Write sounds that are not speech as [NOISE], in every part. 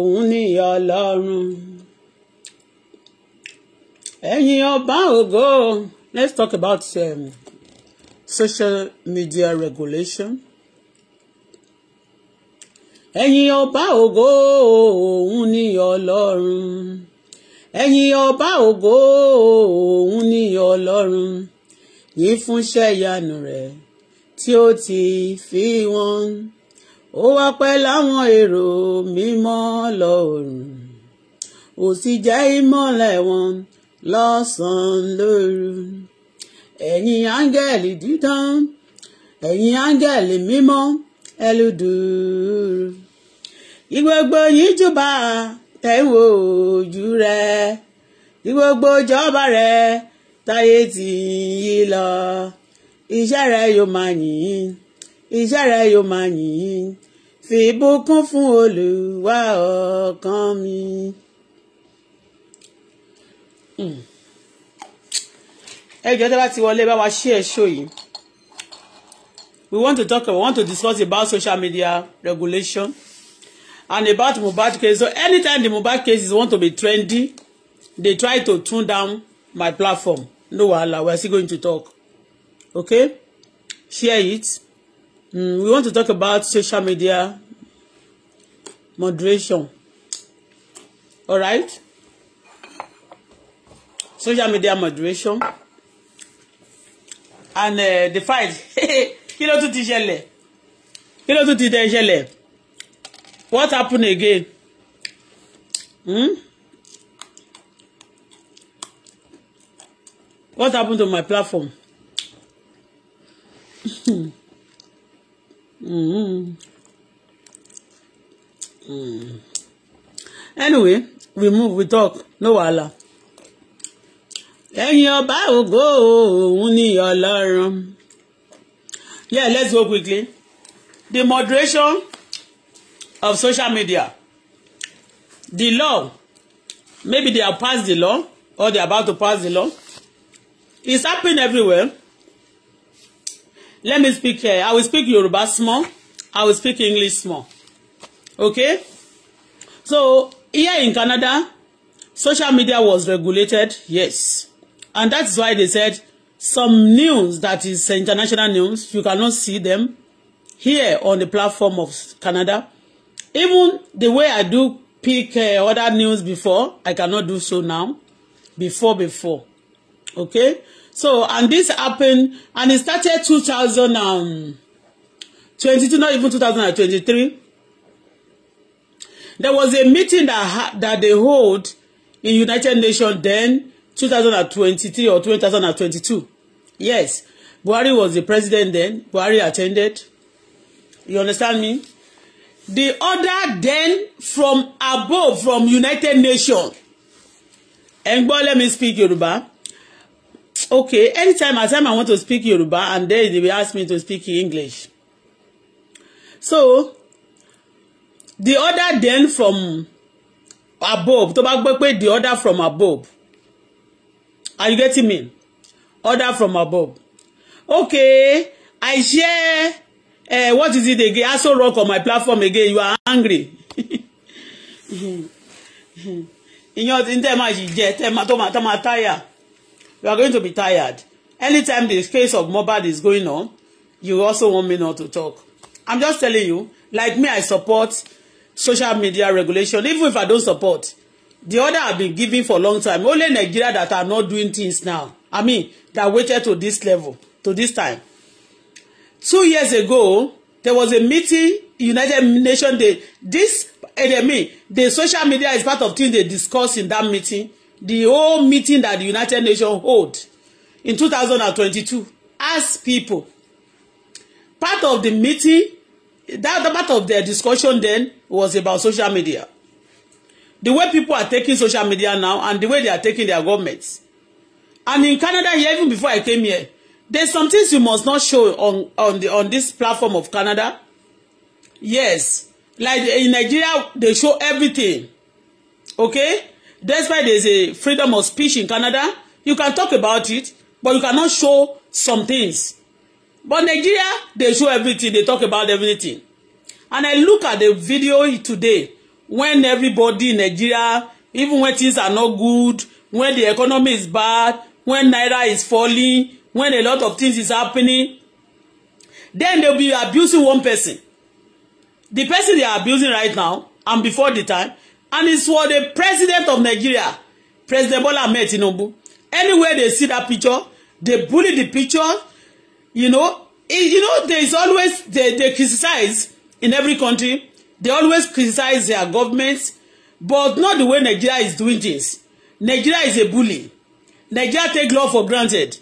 òun ni ìyá ọlọ́run ẹ̀yin ọba ògo let's talk about um, social media regulation ẹ̀yin ọba ògo òun ni ìyá ọlọ́run ẹ̀yin ọba ògo òun ni ìyá ọlọ́run yìí fúnṣẹ́ ìyanu rẹ̀ tí ó ti fi wọ́n ó wá pẹ́ láwọn èrò mímọ́ lọ́rùn ó sì jẹ́ ìmọ́lẹ̀ wọn lọ́sàn-án lóru ẹ̀yin áńgẹ̀lì dídán ẹ̀yin áńgẹ̀lì mímọ́ ẹlùdùrù ìgbogbo yín júbà tẹ̀wọ̀ ojú rẹ̀ ìgbogbo jọba rẹ̀ táyé ti yí lọ iṣẹ́ rẹ̀ yóò máa yìn yín iṣẹ́ rẹ̀ yóò máa yìn fìbùkún fún olúwa ọkàn mi. Hmm. ẹ tí a bá ti wọlé bá wa ṣí ẹ̀ ṣó yìí we want to talk about, we want to discuss about social media regulation and about mobile cases. So anytime the mobile cases want to be trendy, they try to tune down my platform. No wahala, we are still going to talk. Okay? Share it. Mm, we want to talk about social media moderation. All right? Social media moderation. And uh, the fight. [LAUGHS] Kí ló tún ti ṣẹlẹ̀? Kí ló tún ti tẹ̀ What happened again? Hmm? What happened to my platform? [LAUGHS] Mm. Mm. Anyway, we move, we talk, no wahala. Then your ògo go. Uni Ọlọ́run. Yeah, let's go quickly. The moderation of social media. The law, maybe they have passed the law or they are about to pass the law. It's happening everywhere let me speak uh, I will speak Yoruba small I will speak English small okay so here in Canada social media was regulated yes and that's why they said some news that is international news you cannot see them here on the platform of Canada even the way I do pick uh, other news before I cannot do so now before before okay So, and this happened, and it started two thousand twenty two, not even two thousand and twenty three. There was a meeting that that they hold in United Nations then, two thousand and twenty three or two thousand and twenty two. Yes, Buhari was the president then. Buhari attended. You understand me? The order then from above, from United Nations. And boy, let me speak Yoruba okay anytime as time i want to speak yoruba and then they will ask me to speak english so the order then from above tó bá gbé pé the order from above are you getting me order from above okay i share uh, what is it again aso rock on my platform again you are angry [LAUGHS] ìyàn tí ń tẹ́ máa yìí jẹ tẹ́ máa tó máa táyà you are going to be tired anytime this case of Mohbad is going on you also want me not to talk i'm just telling you like me i support social media regulation even if i don't support the order i've been giving for a long time only Nigeria that are not doing things now i mean that waited to this level to this time two years ago there was a meeting United Nations they this enemy eh, the social media is part of things they discuss in that meeting the whole meeting that the United Nations hold in 2022 as people. Part of the meeting, that the part of their discussion then was about social media. The way people are taking social media now and the way they are taking their governments. And in Canada, here even before I came here, there's some things you must not show on on the on this platform of Canada. Yes, like in Nigeria, they show everything. Okay, despite there's a freedom of speech in Canada, you can talk about it, but you cannot show some things. But Nigeria, they show everything, they talk about everything. And I look at the video today, when everybody in Nigeria, even when things are not good, when the economy is bad, when Naira is falling, when a lot of things is happening, then they'll be abusing one person. The person they are abusing right now, and before the time, and it's for the president of Nigeria, President Bola Ahmed Tinubu. Anywhere they see that picture, they bully the picture. You know, it, you know there is always they, they criticize in every country. They always criticize their governments, but not the way Nigeria is doing things. Nigeria is a bully. Nigeria take law for granted.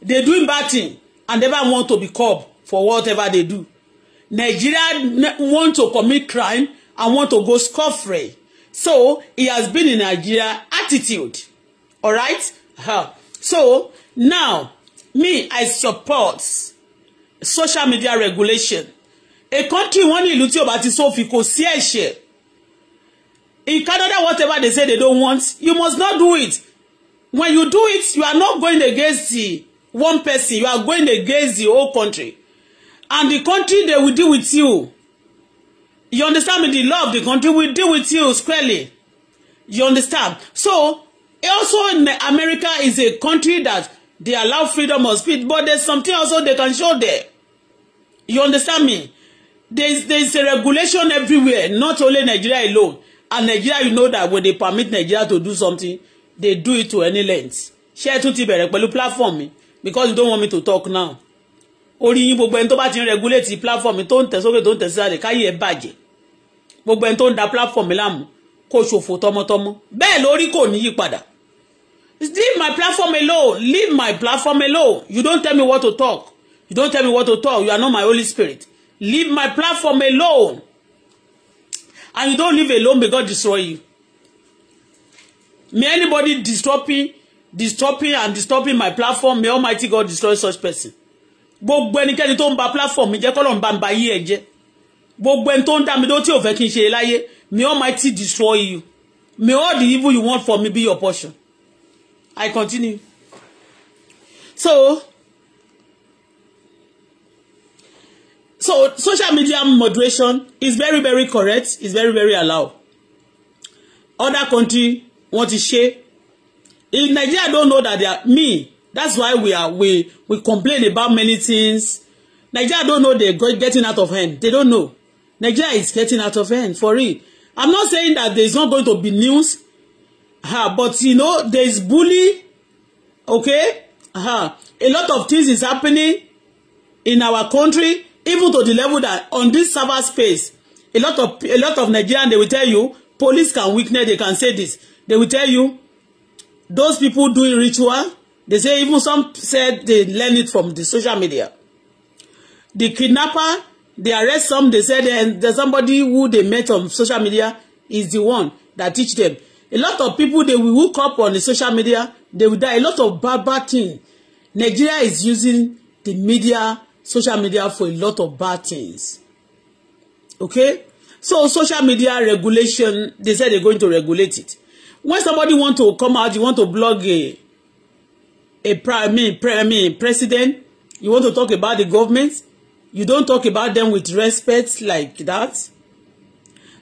They doing bad thing and never want to be curbed for whatever they do. Nigeria want to commit crime and want to go scot-free. So he has been in Nigeria attitude. All right? Huh. So now, me, I support social media regulation. A country wọ́n ní ìlú tí ò bá ti In Canada, whatever they say they don't want, you must not do it. When you do it, you are not going against the one person. You are going against the whole country. And the country, they will deal with you. You understand me? The law of the country will deal with you squarely. You understand? So, also in America is a country that they allow freedom of speech, but there's something also they can show there. You understand me? There's, there's a regulation everywhere, not only Nigeria alone. And Nigeria, you know that when they permit Nigeria to do something, they do it to any length. Share tún ti but you platform me because you don't want me to talk now. Orí you gbogbo ẹni tó regulate the platform mi tó ń don't sókè tó ń tẹ̀ sísàlẹ̀ káyé gbogbo ẹni tó ń da platform mi láàmú kó ṣòfò tọmọtọmọ bẹ́ẹ̀ lórí kò ní yípadà leave my platform alone leave my platform alone you don't tell me what to talk you don't tell me what to talk you are not my holy spirit leave my platform alone and you don't leave alone may God destroy you may anybody disturbing disturbing and disturbing my platform may almighty God destroy such person gbogbo ẹnikẹ́ni tó ń ba platform mi jẹ́ kọ́lọ́n bá ń ba yí ẹ jẹ́ gbogbo ẹni tó ń dá mi ló tí ò fẹ́ kí n ṣe láyé may Almighty destroy you may all the evil you want for me be your portion I continue so so social media moderation is very very correct is very very allowed other country wọ́n ti ṣe in Nigeria don't know that they are me that's why we are we we complain about many things Nigeria don't know they're getting out of hand they don't know Nigeria is getting out of hand for real. I'm not saying that there's not going to be news, uh, but you know, there's bully, okay? Uh, a lot of things is happening in our country, even to the level that on this server space, a lot of a lot of Nigerians they will tell you police can witness, they can say this. They will tell you those people doing ritual, they say even some said they learn it from the social media. The kidnapper They arrest some. They said and there's somebody who they met on social media is the one that teach them. A lot of people they will hook up on the social media. They will die. A lot of bad bad thing. Nigeria is using the media, social media for a lot of bad things. Okay. So social media regulation, they said they're going to regulate it. When somebody want to come out, you want to blog a a prime, I mean, president, you want to talk about the government, You don't talk about them with respect like that.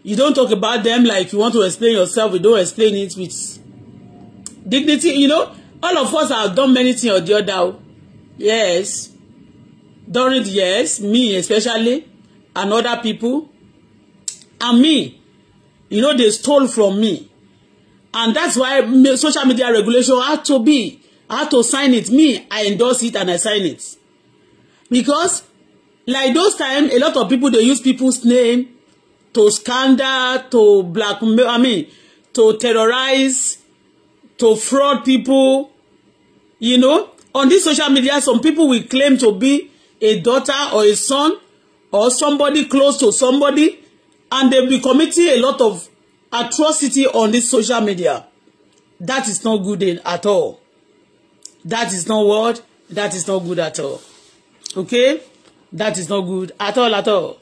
You don't talk about them like you want to explain yourself. You don't explain it with dignity. You know, all of us have done many things or the other. Yes. During the years, me especially, and other people, and me, you know, they stole from me. And that's why social media regulation had to be, had to sign it. Me, I endorse it and I sign it. Because like those time a lot of people dey use people's name to scandal to blackmail i mean to terrorize to fraud people you know on this social media some people will claim to be a daughter or a son or somebody close to somebody and they be committing a lot of atrocity on this social media that is not good in, at all that is not what that is not good at all okay that is not good at all at all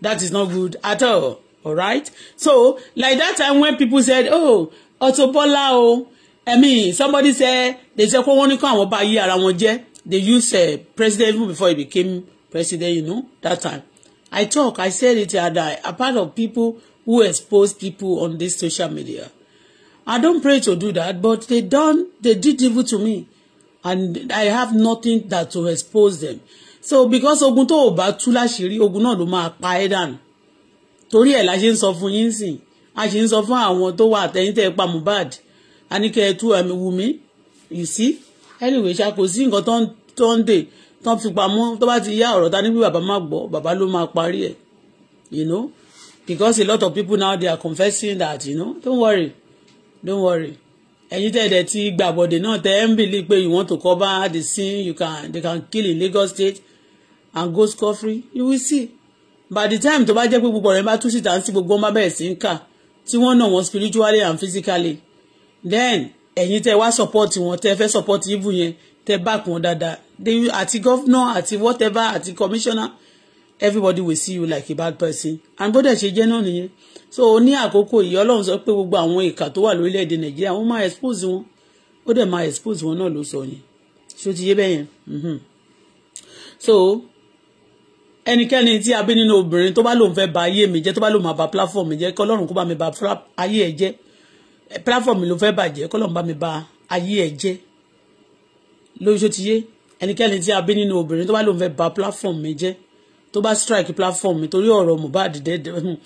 that is not good at all all right so like that time when people said oh Otobola, Bola o i mean somebody said they said kó wọ́n ní kó àwọn bá yí ara wọn jẹ́ they used uh, president even before he became president you know that time i talk i said it and i a part of people who expose people on this social media i don't pray to do that but they done they did evil to me and i have nothing that to expose them so because ogun tó o bá tú láṣìírí ogun náà ló máa pa ẹ́ dànù torí ẹ̀ la ṣe ń sọ fún yín sìn a ṣe ń sọ fún àwọn tó wà àtẹ̀yìntẹ̀ pa Mohbad anike tú ẹ̀mí um, Wùmí you see anyway ṣá kò sí nǹkan tó ń dè tó ń fi pamọ́ tó bá ti yá ọ̀rọ̀ ta níbi bàbá má gbọ́ bàbá ló máa parí ẹ̀ you know because a lot of people now they are confessing that you know don't worry don't worry ẹ̀yin tẹ̀dẹ̀ ti gbàbọ̀dẹ̀ náà tẹ́ ẹ̀ ń bìlí pé you want to cover the scene you can they can kill in Lagos State and go score free you will see by the time tó bá jẹ́ pé gbogbo ọ̀rẹ́ bá tú síta sí gbogbo ọmọ bẹ́ẹ̀ sí ń kà tí wọ́n nà wọ́n spiritually and physically then ẹ̀yin tẹ́ wá support wọn tẹ́ fẹ́ support ibu yẹn tẹ́ back wọn dáadáa àti governor àti whatever àti commissioner everybody will see you like a bad person and gbọ́dọ̀ ṣe jẹ́ náà nìyẹn so ní àkókò yìí ọlọ́run sọ pé gbogbo àwọn ìkà tó wà lórílẹ̀‐èdè nàìjíríà wọ́n máa expose wọn ó dẹ̀ máa expose wọn náà ló sọ yẹn ṣé ó ti yé bẹ́yẹn mm-hmm. so ẹnikẹ́ni tí a bí nínú obìnrin tó bá lòun fẹ́ ba ayé mi jẹ́ tó bá lòun máa ba platform mi jẹ́ kí ọlọ́run kó bá mi ba ayé ẹ jẹ́ platform mi ló fẹ́ bàjẹ́ kí ọlọ́run bá mi ba ayé ẹ jẹ́ lórí ṣó ti yé ẹnikẹ́ni tí a bí nínú obìnrin tó bá lòun fẹ́ ba platform mi jẹ́ tó bá strike platform mi torí ọ̀rọ̀ Mohbad dẹ́dẹ́ hmm,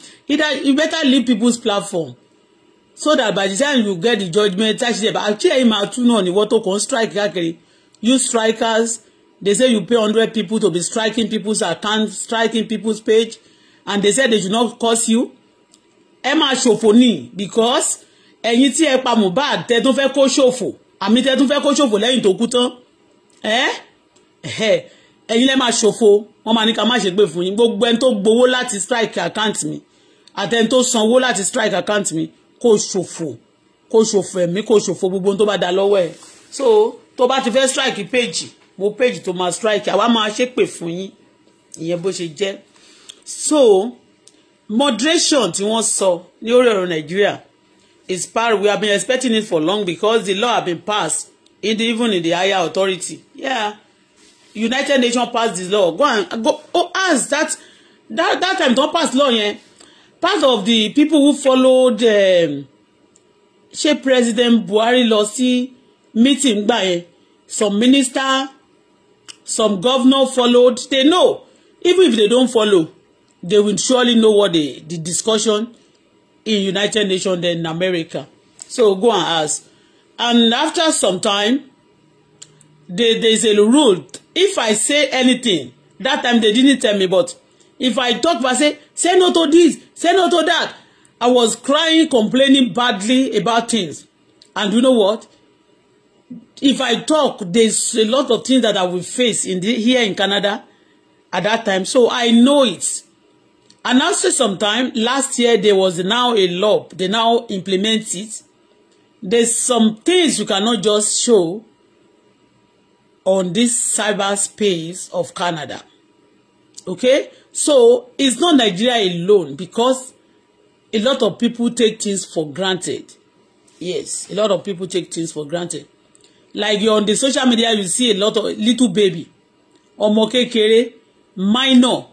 you better leave people's platform so that by the time you get the judgement táṣìṣe àti ẹ̀yìn máa tú náà níwọ́ tó kàn strike káàkiri you strikers They say you pay hundred people to be striking people's account, striking people's page, and they said they should not curse you. Ẹ máa ṣòfò ni because ẹ̀yin tí ẹ pa Mohbad tẹ́ tún fẹ́ kó ṣòfò àmì tẹ́ tún fẹ́ kó ṣòfò lẹ́yìn tó kú tán. Ẹ̀yin lẹ́ máa ṣòfò wọ́n máa ní ká má ṣe pé fún yín gbogbo ẹni tó gbowó láti strike account mi àtẹni tó sanwó láti strike account mi kó ṣòfò kó ṣòfò ẹ̀mí kó ṣòfò gbogbo ohun tó bá dá lọ́wọ́ ẹ̀ so tó bá ti fẹ́ strike page mo page tó máa strike àwa máa ṣépè fún yín ìyẹn bó ṣe jẹ́ so moderation tí wọ́n sọ ní orí ọ̀rọ̀ Nàìjíríà is part we have been expecting it for long because the law have been passed in the, even in the higher authority yeah United Nations passed this law go and go oh, as that that that time don pass law yẹn part of the people who followed um, ṣé President Buhari lọ sí meeting gbà yẹn some minister Some governor followed. They know. Even if they don't follow, they will surely know what the the discussion in United Nations than America. So go and ask. And after some time, they, they a rule. If I say anything, that time they didn't tell me, but if I talk, I say, say no to this, say no to that. I was crying, complaining badly about things. And you know what? if I talk, there's a lot of things that I will face in the, here in Canada at that time. So I know it. And also sometime last year there was now a law. They now implement it. There's some things you cannot just show on this cyberspace of Canada. Okay? So it's not Nigeria alone because a lot of people take things for granted. Yes, a lot of people take things for granted like on the social media you see a lot of little baby ọmọ kékeré minor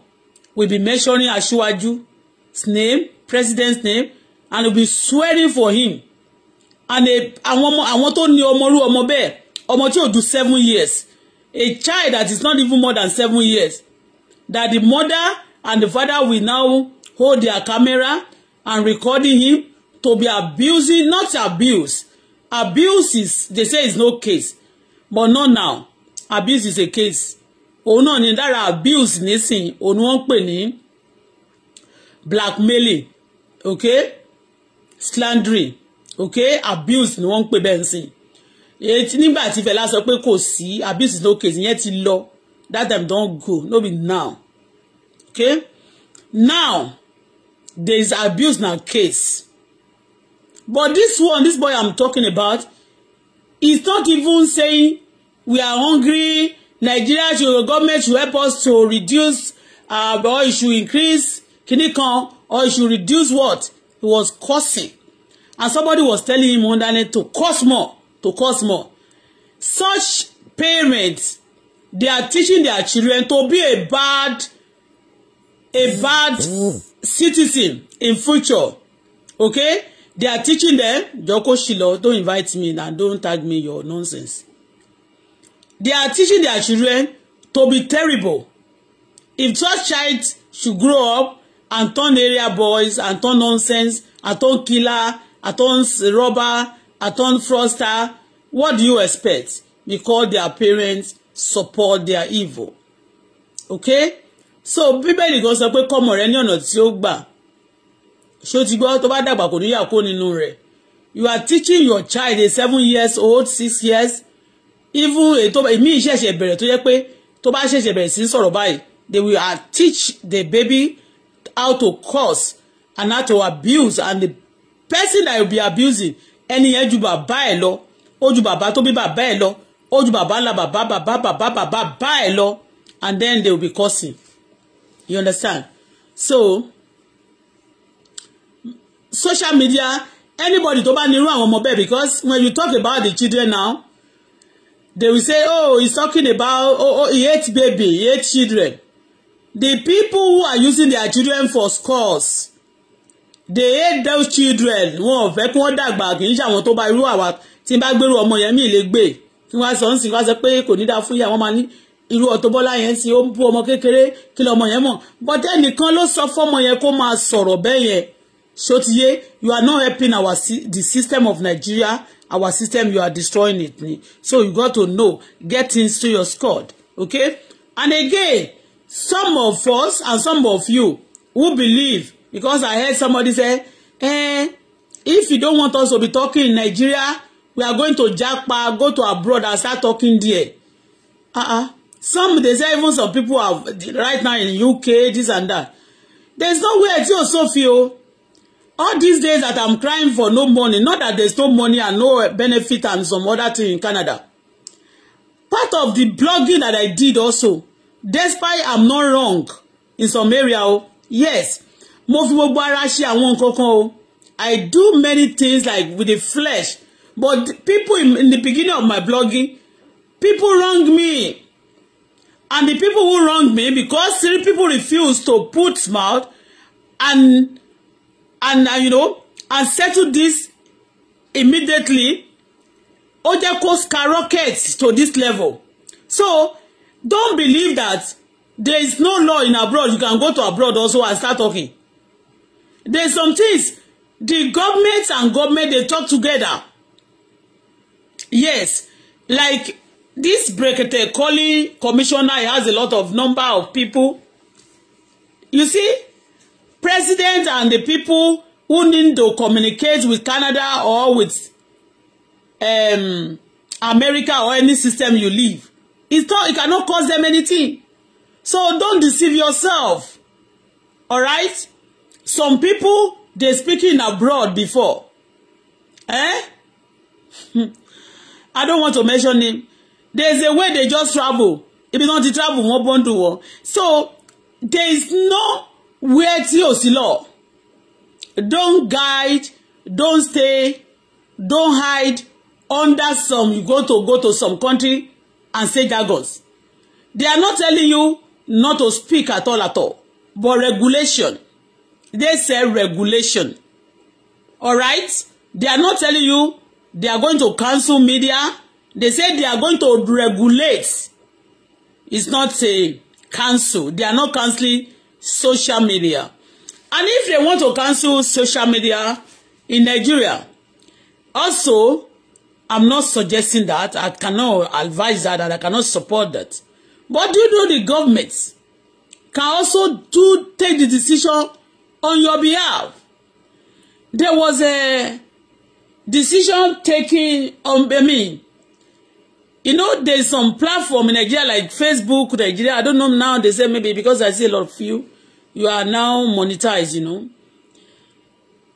will be mentioning Asiwaju's name president's name and will be swearing for him and àwọn ọmọ àwọn tó ní ọmọrú ọmọ bẹ́ẹ̀ ọmọ tí ò ju seven years a child that is not even more than seven years that the mother and the father will now hold their camera and recording him to be abusing not abuse abuse is they say is no case but not now abuse is a case òun náà ni lára abuse nísìn òun wọ́n pè ní blackmailing okay slandering okay abuse ni wọ́n ń pè bẹ́ẹ̀ nsìn nígbà tí Fẹlá sọ pé kò sí abuse is no case ìyẹn ti lọ that time don go no be now okay now there is abuse na case But this one, this boy I'm talking about, is not even saying we are hungry, Nigeria should, government should help us to reduce, uh, or it should increase, kini kan, or it should reduce what? He was cursing. And somebody was telling him on that to cost more, to cost more. Such parents, they are teaching their children to be a bad, a bad mm. citizen in future. Okay? they are teaching them joko shilo don't invite me and don't tag me your nonsense they are teaching their children to be terrible if such child should grow up and turn area boys and turn nonsense and turn killer and turn robber and turn fraudster what do you expect because their parents support their evil okay so bíbélì kan sọ pé kọ́mọ rẹ ní ọ̀nà tí ó gbà ṣó ti gbọ́ tó bá dàgbà kò níyà kó nínú rẹ̀ you are teaching your child a seven years old six years even a ètò èmi ìṣẹ̀ṣẹ̀ bẹ̀rẹ̀ tó yẹ pé tó bá ṣẹ̀ṣẹ̀ bẹ̀rẹ̀ sí sọ̀rọ̀ báyìí they will uh, teach the baby how to curse and how to abuse and the person that will be abusing ẹni yẹn ju bàbá ẹ̀ lọ ó ju bàbá tó bí bàbá ẹ̀ lọ ó ju bàbá ńlá bàbá bàbá bàbá bàbá bá ẹ̀ lọ and then they will be cursing you understand so social media anybody tó bá nírú àwọn ọmọ bẹ́ẹ̀ because when you talk about the children now they will say oh he's talking about oh, oh he hate baby he hate children the people who are using their children for scores they hate those children wọn ò fẹ́ kí wọ́n dàgbà kì í ṣe àwọn tó bá irú àwa tí n bá gbèrú ọmọ yẹn mi lè gbé kí wọ́n sọ ń sìn wá sọ pé kò ní dáa fún ìyá wọn máa ní irú Auto Bola yẹn sí ó ń bú ọmọ kékeré kí lọ́mọ yẹn mọ̀ bọ́tẹ́ nìkan ló sọ fọ́mọ yẹn kó máa sọ̀rọ̀ bẹ́ẹ̀ yẹn sotiye you are not helping our the system of Nigeria our system you are destroying it so you got to know get things to your squad okay and again some of us and some of you who believe because I heard somebody say eh if you don't want us to be talking in Nigeria we are going to japa go to abroad and start talking there uh-uh some they say even some people are right now in UK this and that there's no way o sófin o. So all these days that I'm crying for no money, not that there's no money and no eh, benefit and some other thing in Canada. Part of the blogging that I did also, despite I'm not wrong in some area, oh, yes, mo fi gbogbo ara ṣe àwọn nǹkan oh. I do many things like with the flesh, but people in, in the beginning of my blogging, people wronged me. And the people who wronged me, because three people refused to put mouth and and, and uh, you know and settle this immediately ó jẹ́ kó skyrocket to this level so don't believe that there is no law in abroad you can go to abroad also and start talking there some things the government and government dey talk together yes like this Brekete calling commissioner he has a lot of number of people you see president and the people who need to communicate with Canada or with um, America or any system you live. It's not, it cannot cause them anything. So don't deceive yourself. All right? Some people, they speaking abroad before. Eh? [LAUGHS] I don't want to mention him. There's a way they just travel. If you don't travel, more bond to war. So there is no where tí ò sí lọ don't guide don't stay don't hide under some you go to go to some country and say jargons they are not telling you not to speak at all at all but regulation they say regulation all right they are not telling you they are going to cancel media they say they are going to regulate it's not a cancel they are not cancelling social media. And if they want to cancel social media in Nigeria, also, I'm not suggesting that. I cannot advise that and I cannot support that. But you know the government can also do take the decision on your behalf. There was a decision taken on I mean, you know, there's some platform in Nigeria like Facebook, Nigeria. I don't know now. They say maybe because I see a lot of you you are now monetized, you know.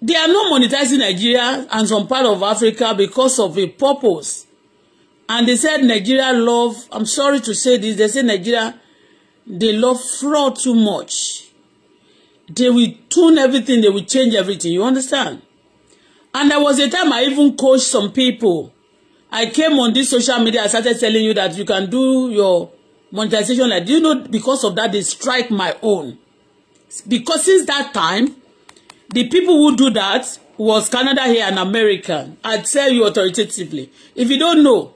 They are not monetizing Nigeria and some part of Africa because of a purpose. And they said Nigeria love, I'm sorry to say this, they say Nigeria, they love fraud too much. They will tune everything, they will change everything, you understand? And there was a time I even coached some people. I came on this social media, I started telling you that you can do your monetization like, do you know, because of that, they strike my own because since that time, the people who do that was Canada here and American. I tell you authoritatively. If you don't know,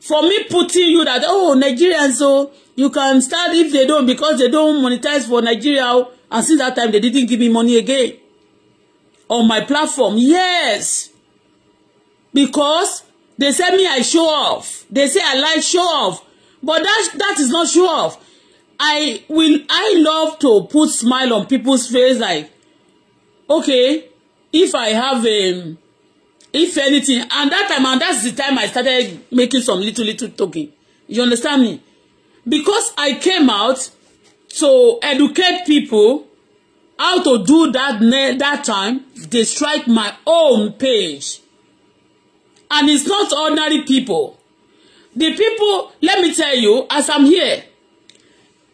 for me putting you that, oh, Nigerians, so oh, you can start if they don't because they don't monetize for Nigeria. Oh, and since that time, they didn't give me money again on my platform. Yes. Because they say me I show off. They say I like show off. But that, that is not show off. I will I love to put smile on people's face like okay if I have um, if anything and that time and that's the time I started making some little little talking you understand me because I came out to educate people how to do that that time they strike my own page and it's not ordinary people the people let me tell you as I'm here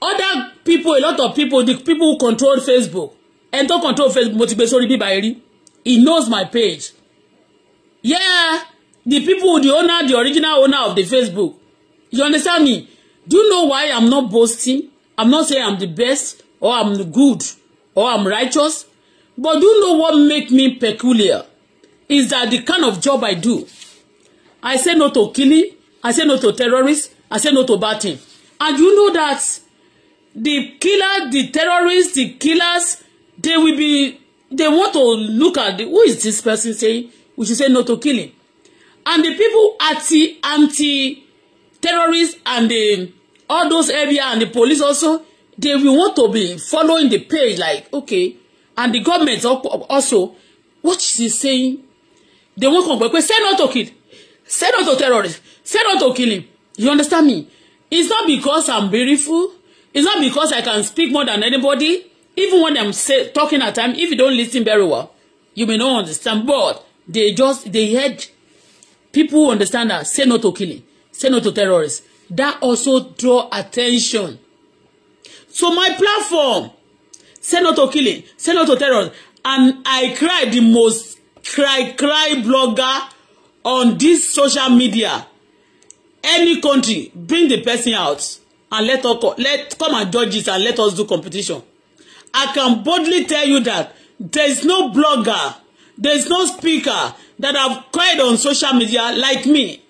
other people a lot of people the people who control Facebook and tó control Facebook mo ti gbé sórí he knows my page yeah the people the owner the original owner of the Facebook you understand me do you know why I'm not boasting I'm not saying I'm the best or I'm good or I'm righteous but do you know what make me peculiar is that the kind of job I do I say no to killing I say no to terrorists I say no to bad thing and you know that the killer the terrorists the killers they will be they want to look at the, who is this person saying we should say no to killing and the people anti anti terrorists and the all those area and the police also they will want to be following the page like okay and the government also what she saying they won't come back say no to kill say no to terrorists say no to killing you understand me it's not because I'm beautiful It's not because I can speak more than anybody. Even when I'm say, talking at time, if you don't listen very well, you may not understand. But they just, they heard people who understand that say no to killing, say no to terrorists. That also draw attention. So my platform, say no to killing, say no to terrorists. And I cry the most cry, cry blogger on this social media. Any country, bring the person out and let us let come and judge it and let us do competition. I can boldly tell you that there is no blogger, there is no speaker that have cried on social media like me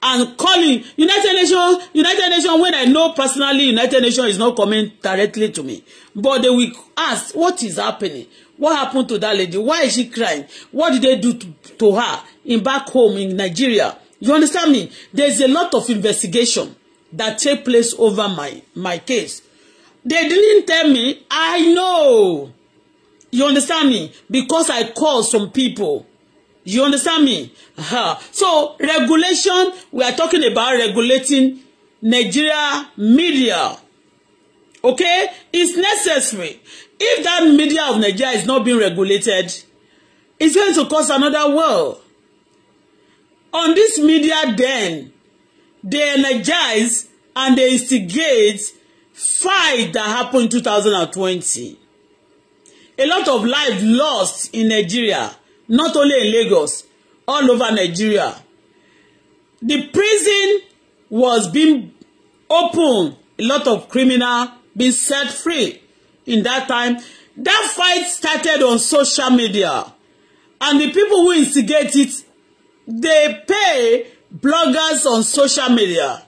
and calling United Nations, United Nations, when I know personally United Nations is not coming directly to me. But they will ask, what is happening? What happened to that lady? Why is she crying? What did they do to, to her in back home in Nigeria? You understand me? There's a lot of investigation that take place over my my case they didn't tell me i know you understand me because i call some people you understand me uh-huh. so regulation we are talking about regulating Nigeria media okay it's necessary if that media of Nigeria is not being regulated it's going to cause another war on this media then they energize and they instigate fight that happened in two thousand and twenty. A lot of lives lost in Nigeria, not only in Lagos, all over Nigeria. The prison was being opened, a lot of criminals being set free in that time. That fight started on social media, and the people who instigate it, they pay bloggers on social media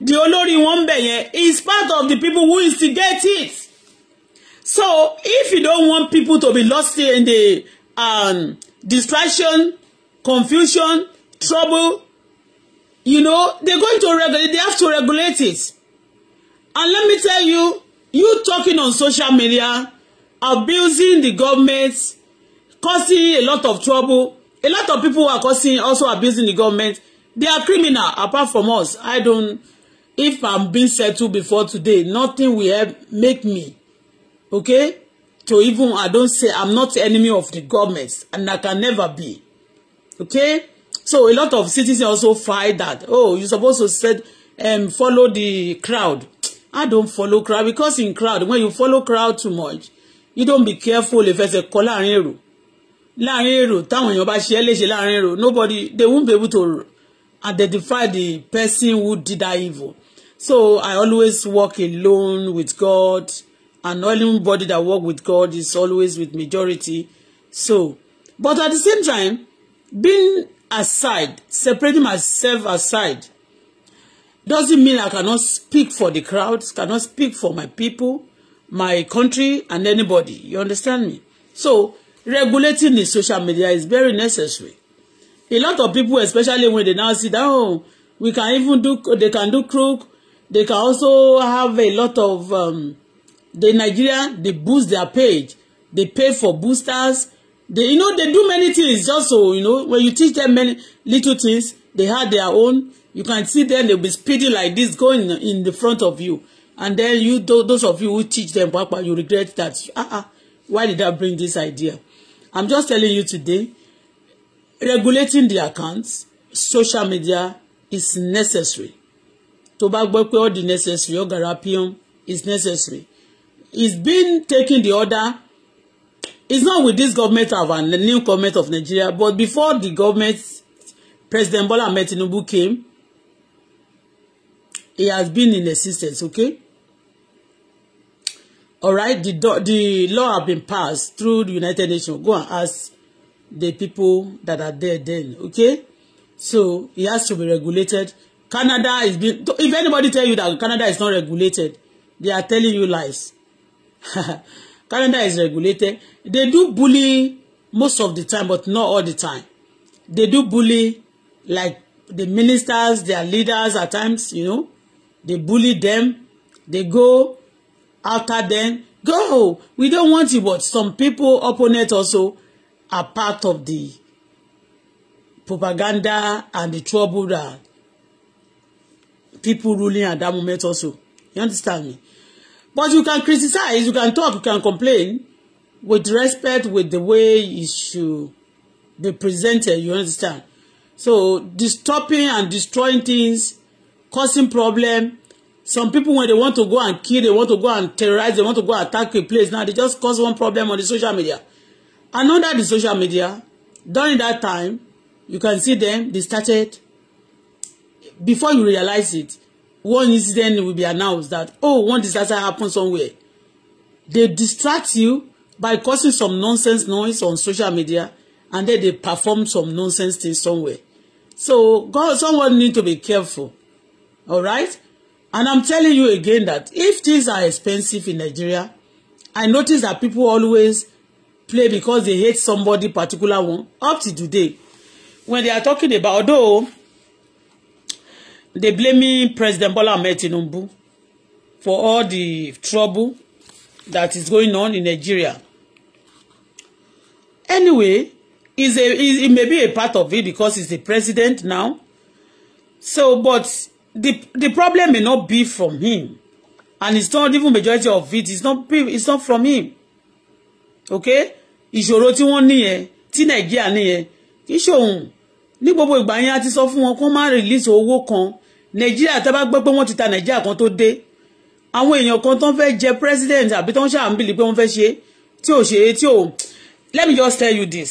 the olórí wọn ń is part of the people who instigate it so if you don't want people to be lost in the um, distraction confusion trouble you know they're going to regulate they have to regulate it and let me tell you you talking on social media abusing the government causing a lot of trouble a lot of people who are causing also abusing the government they are criminal apart from us I don't if I'm being settled before today nothing will help make me okay to even I don't say I'm not enemy of the government and I can never be okay so a lot of citizens also fight that oh you supposed to said um, follow the crowd I don't follow crowd because in crowd when you follow crowd too much you don't be careful if there's a color in you láàrin èrò táwọn èèyàn bá ṣe é léṣe láàrin èrò nobody they won't be able to identify the person who did that evil so I always work alone with God and only anybody that work with God is always with majority so but at the same time being aside separating myself aside doesn't mean I cannot speak for the crowds cannot speak for my people my country and anybody you understand me so regulating the social media is very necessary. A lot of people, especially when they now sit down, we can even do, they can do crook, they can also have a lot of, um, the Nigeria, they boost their page, they pay for boosters, they, you know, they do many things also, you know, when you teach them many little things, they have their own, you can see them, they'll be speeding like this, going in the front of you. And then you, those of you who teach them, you regret that, ah, uh -uh, why did I bring this idea? I'm just telling you today, regulating the accounts, social media is necessary. To back up all the necessary ogarapion is necessary. It's been taking the order. It's not with this government of our new government of Nigeria, but before the government, President Bola Ahmed Tinubu came, he has been in existence, okay? all right the the law have been passed through the united nations go and ask the people that are there then okay so it has to be regulated canada is being if anybody tell you that canada is not regulated they are telling you lies [LAUGHS] canada is regulated they do bully most of the time but not all the time they do bully like the ministers their leaders at times you know they bully them they go After then, go. We don't want you, but some people, opponent also, are part of the propaganda and the trouble that people ruling at that moment also. You understand me? But you can criticize, you can talk, you can complain with respect, with the way it should be presented, you understand? So, disturbing and destroying things, causing problem, Some people, when they want to go and kill, they want to go and terrorize, they want to go attack a place now, they just cause one problem on the social media. And under the social media, during that time, you can see them, they started, before you realize it, one incident will be announced that, oh, one disaster happened somewhere. They distract you by causing some nonsense noise on social media, and then they perform some nonsense thing somewhere. So God, someone need to be careful. All right? And I'm telling you again that if things are expensive in Nigeria, I notice that people always play because they hate somebody particular one up to today. When they are talking about, although they blaming President Bola Ahmed Tinubu for all the trouble that is going on in Nigeria. Anyway, is a it may be a part of it because he's the president now. So, but the the problem may not be from him and it's not even majority of it it's not it's not from him okay ìṣòro tí wọ́n níyẹn tí nàìjíríà níyẹn kì í ṣòun ní gbogbo ìgbà yẹn a ti sọ fún wọn kó má release owó kan nàìjíríà tá bá gbọ́ pé wọ́n ti ta nàìjíríà kan tó dé àwọn èèyàn kan tó ń fẹ́ jẹ president àbí tó ń ṣàǹbìlì pé wọ́n fẹ́ ṣe tí ò ṣe tí ò let me just tell you this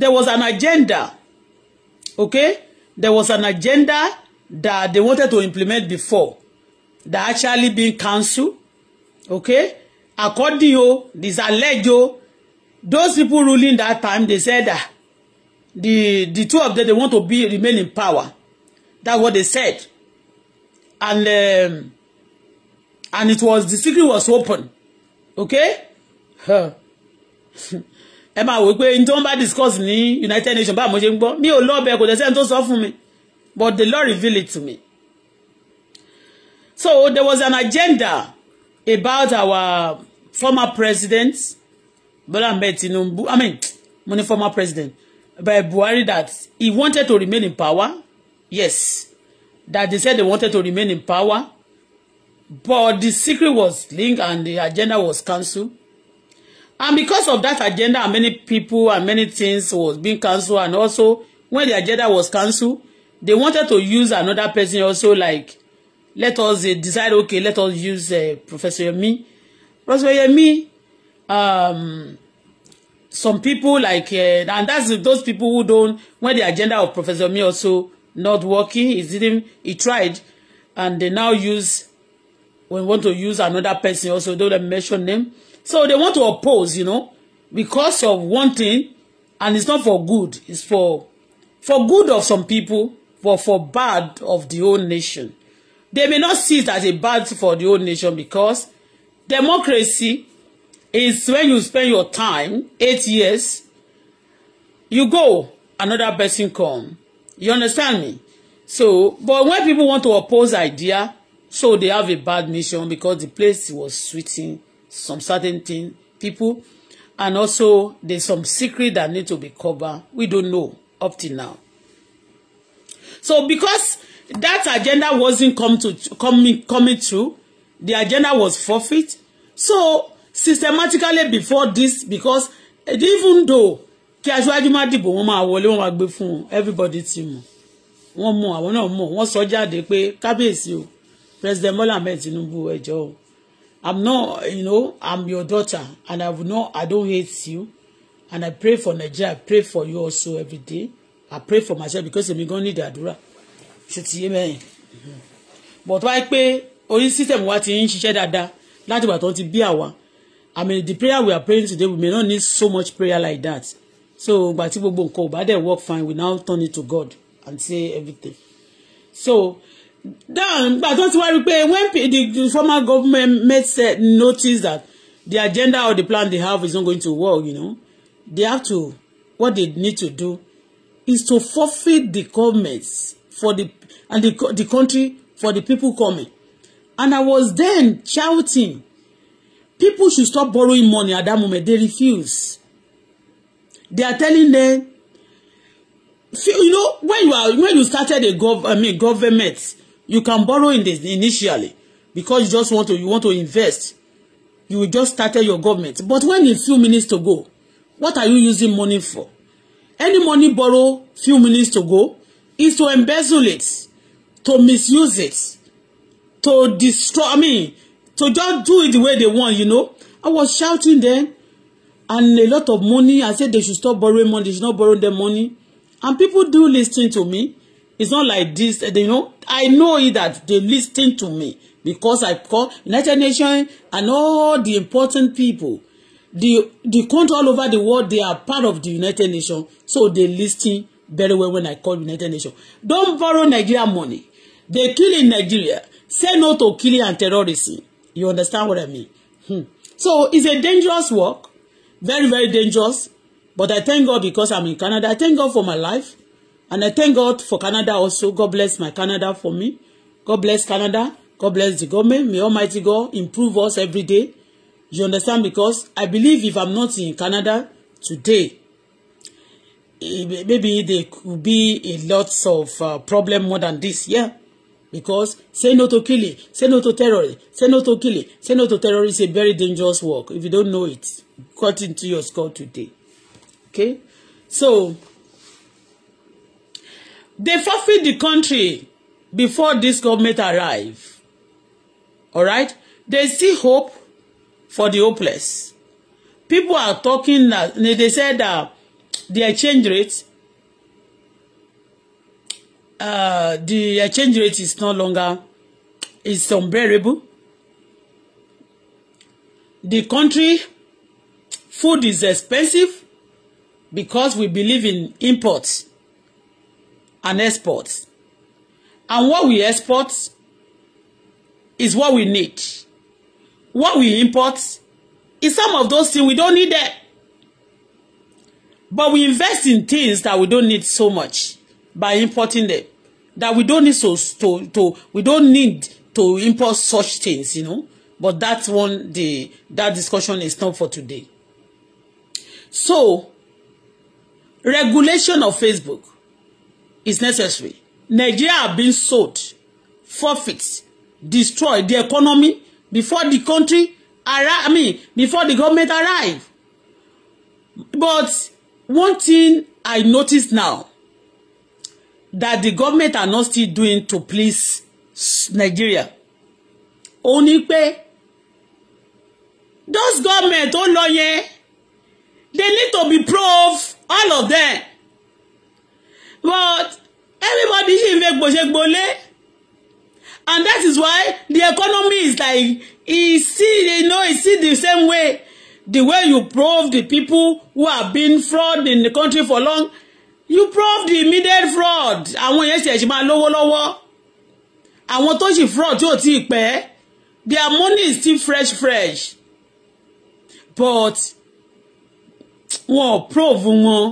there was an agenda okay there was an agenda that they wanted to implement before that actually been cancelled. Okay? According to this alleged, those people ruling that time, they said that the, the two of them, they want to be remain in power. That's what they said. And um, and it was, the secret was open. Okay? Huh. Emma, [LAUGHS] máa wò pé n tó ń bá discuss ní United Nations báwo mo ṣe ń gbọ́ mi ò lọ́ọ̀bẹ kò to sẹ́ni tó sọ fún mi But the Lord revealed it to me. So there was an agenda about our former president, Bola Ahmed Tinubu, I mean, money former president, by Buhari that he wanted to remain in power. Yes, that they said they wanted to remain in power. But the secret was linked and the agenda was cancelled. And because of that agenda, many people and many things was being cancelled, and also when the agenda was cancelled, they wanted to use another person also like let us uh, decide okay let us use uh, Professor Yemi Professor Yemi um, some people like uh, and that's those people who don't when the agenda of Professor Yemi also not working he didn't he tried and they now use we want to use another person also don't mention name so they want to oppose you know because of one thing and it's not for good it's for for good of some people but for bad of the whole nation. They may not see it as a bad for the whole nation because democracy is when you spend your time, eight years, you go, another person come. You understand me? So, but when people want to oppose idea, so they have a bad mission because the place was sweeting some certain thing, people, and also there's some secret that need to be covered. We don't know up till now. So because that agenda wasn't come to coming coming through, the agenda was forfeit. So systematically before this, because even though kí aṣáájú má dìbò wọn máa wọlé wọn máa gbé fún everybody ti mọ̀ wọ́n mọ̀ àwọn náà mọ̀ wọ́n sọ jáde pé kábíyèsí o president Bola Ahmed Tinubu ẹjọ́ o i'm not you know i'm your daughter and i know i don't hate you and i pray for Nigeria i pray for you also every day I pray for myself because èmi gan need àdúrà ṣe ti yé mẹ́yìn but wáyé pé orí system wa ti ń ṣiṣẹ́ dáadáa láti ìgbà tó ti bí àwa I mean the prayer we are praying today we may not need so much prayer like that so ìgbà tí gbogbo nǹkan ò bá dẹ̀ work fine we now turn it to God and say everything so then ìgbà tó ti wá rí pé when the, the former government made said notice that the agenda or the plan they have is not going to work you know they have to what they need to do is to forfeit the comments for the and the, the country for the people coming. And I was then shouting, people should stop borrowing money at that moment. They refuse. They are telling them, you know, when you are when you started a gov I mean government, you can borrow in this initially because you just want to you want to invest. You just started your government. But when a few minutes to go, what are you using money for? Any money borrowed few minutes to go is to embezzle it, to misuse it, to destroy, I mean, to just do it the way they want, you know. I was shouting then, and a lot of money. I said they should stop borrowing money, they should not borrow their money. And people do listen to me. It's not like this, eh, They know. I know it that they listen to me because I call United Nations and all the important people the the country all over the world they are part of the United Nations so they listen very well when I call United Nations don't borrow Nigeria money they kill in Nigeria say no to killing and terrorism you understand what I mean hmm. so it's a dangerous work very very dangerous but I thank God because I'm in Canada I thank God for my life and I thank God for Canada also God bless my Canada for me God bless Canada God bless the government may Almighty God improve us every day You understand? Because I believe if I'm not in Canada today, eh, maybe there could be a lot of uh, problem more than this, yeah? Because say no to killing, say no to terrorism, say no to killing, say no to terrorism is a very dangerous work. If you don't know it, cut into your skull today. Okay? So, they forfeit the country before this government arrive. All right? They see hope for the hopeless. People are talking that they said that the exchange rate, uh, the exchange rate is no longer is unbearable. The country food is expensive because we believe in imports and exports. And what we export is what we need what we import is some of those things we don't need them. But we invest in things that we don't need so much by importing them. That we don't need so to, to we don't need to import such things, you know. But that's one the that discussion is not for today. So regulation of Facebook is necessary. Nigeria have been sold, forfeit, destroyed the economy before the country arrive, I mean, before the government arrive. But one thing I notice now that the government are not still doing to please Nigeria. Only ní those government ó lọ yẹn they need to be proof all of them but everybody ṣì ń fẹ́ gbòṣègbòlé and that is why the economy is like e see you know e see the same way the way you prove the people who have been fraud in the country for long you prove the immediate fraud àwọn yẹn ṣe ṣe máa lówó lọ́wọ́ àwọn tó ṣì fraud tí ò tí ì pẹ́ their money is still fresh fresh but wọn ò probe wọn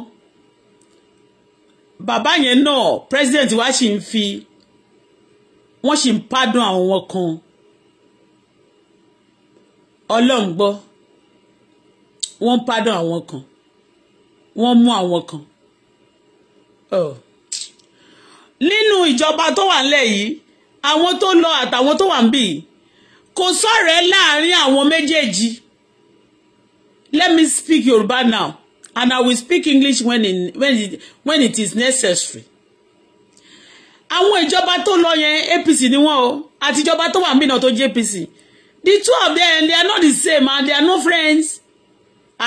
bàbá yẹn náà president wa ṣì ń fi wọ́n sì ń pádùn àwọn kan ọlọ́run gbọ́ wọ́n ń pádùn àwọn kan wọ́n mú àwọn kan. Oh. nínú ìjọba tó wà nílẹ̀ yìí àwọn tó lọ àtàwọn tó wà ń bì kò sọ̀rẹ́ láàrin àwọn méjèèjì let me speak Yoruba now and I will speak English when, in, when, it, when it is necessary àwọn ìjọba tó lọ yẹn APC ni wọ́n o àti ìjọba tó wà mìíràn tó jẹ́ APC the two of them they are not the same and they are no friends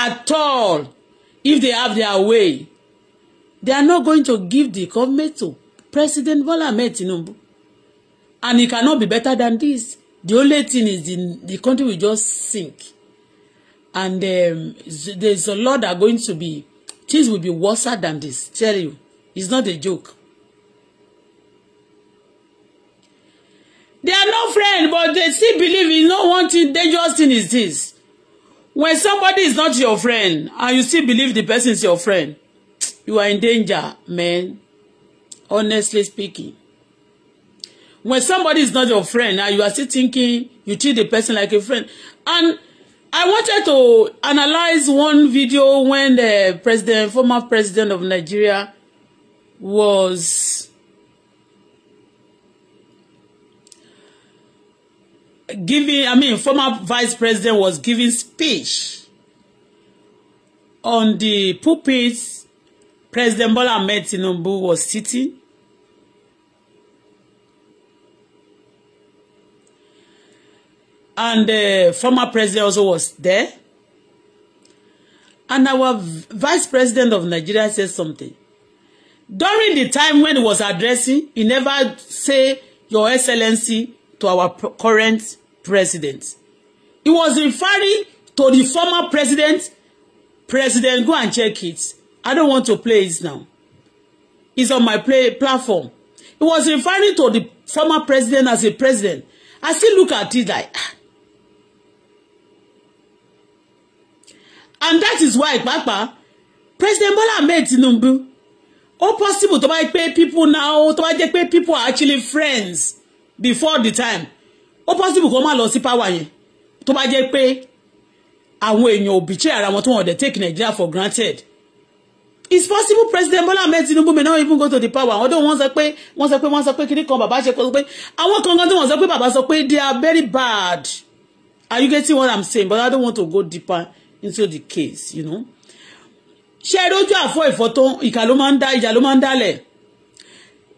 at all if they have their way they are not going to give the government to President Bola Ahmed Tinubu and it cannot be better than this the only thing is the, the country will just sink and um, there's a lot that are going to be things will be worse than this tell you it's not a joke They are no friend, but they still believe in no one thing, dangerous thing is this. When somebody is not your friend and you still believe the person is your friend, you are in danger, man. Honestly speaking. When somebody is not your friend and you are still thinking you treat the person like a friend. And I wanted to analyze one video when the president, former president of Nigeria was giving, I mean, former vice president was giving speech on the pulpit. President Bola Ahmed Tinubu was sitting. And the uh, former president also was there. And our vice president of Nigeria said something. During the time when he was addressing, he never say, Your Excellency, to our current president. He was referring to the former president. President, go and check it. I don't want to play it now. It's on my play platform. He was referring to the former president as a president. I still look at it like... Ah. And that is why, Papa, President Bola Ahmed Tinubu, all possible to buy pay people now, to buy pay people are actually friends before the time ó possible kó má lọ sí power yẹn tó bá jẹ́ pé àwọn èèyàn òbítí ara wọn tó wọn dẹ̀ take Nigeria for granted Is possible President Bola Ahmed Tinubu may not even go to the power àwọn ọdún wọn sọ pé wọn sọ pé wọn sọ pé kíní kan bàbá ṣe pé àwọn kan kan tó wọn sọ pé bàbá sọ pé they are very bad are you getting what i'm saying but i don't want to go deeper into the case you know ṣé ẹ lójú àfọ ìfọ tó ìkà ló máa ń dá ìjà ló máa ń dálẹ̀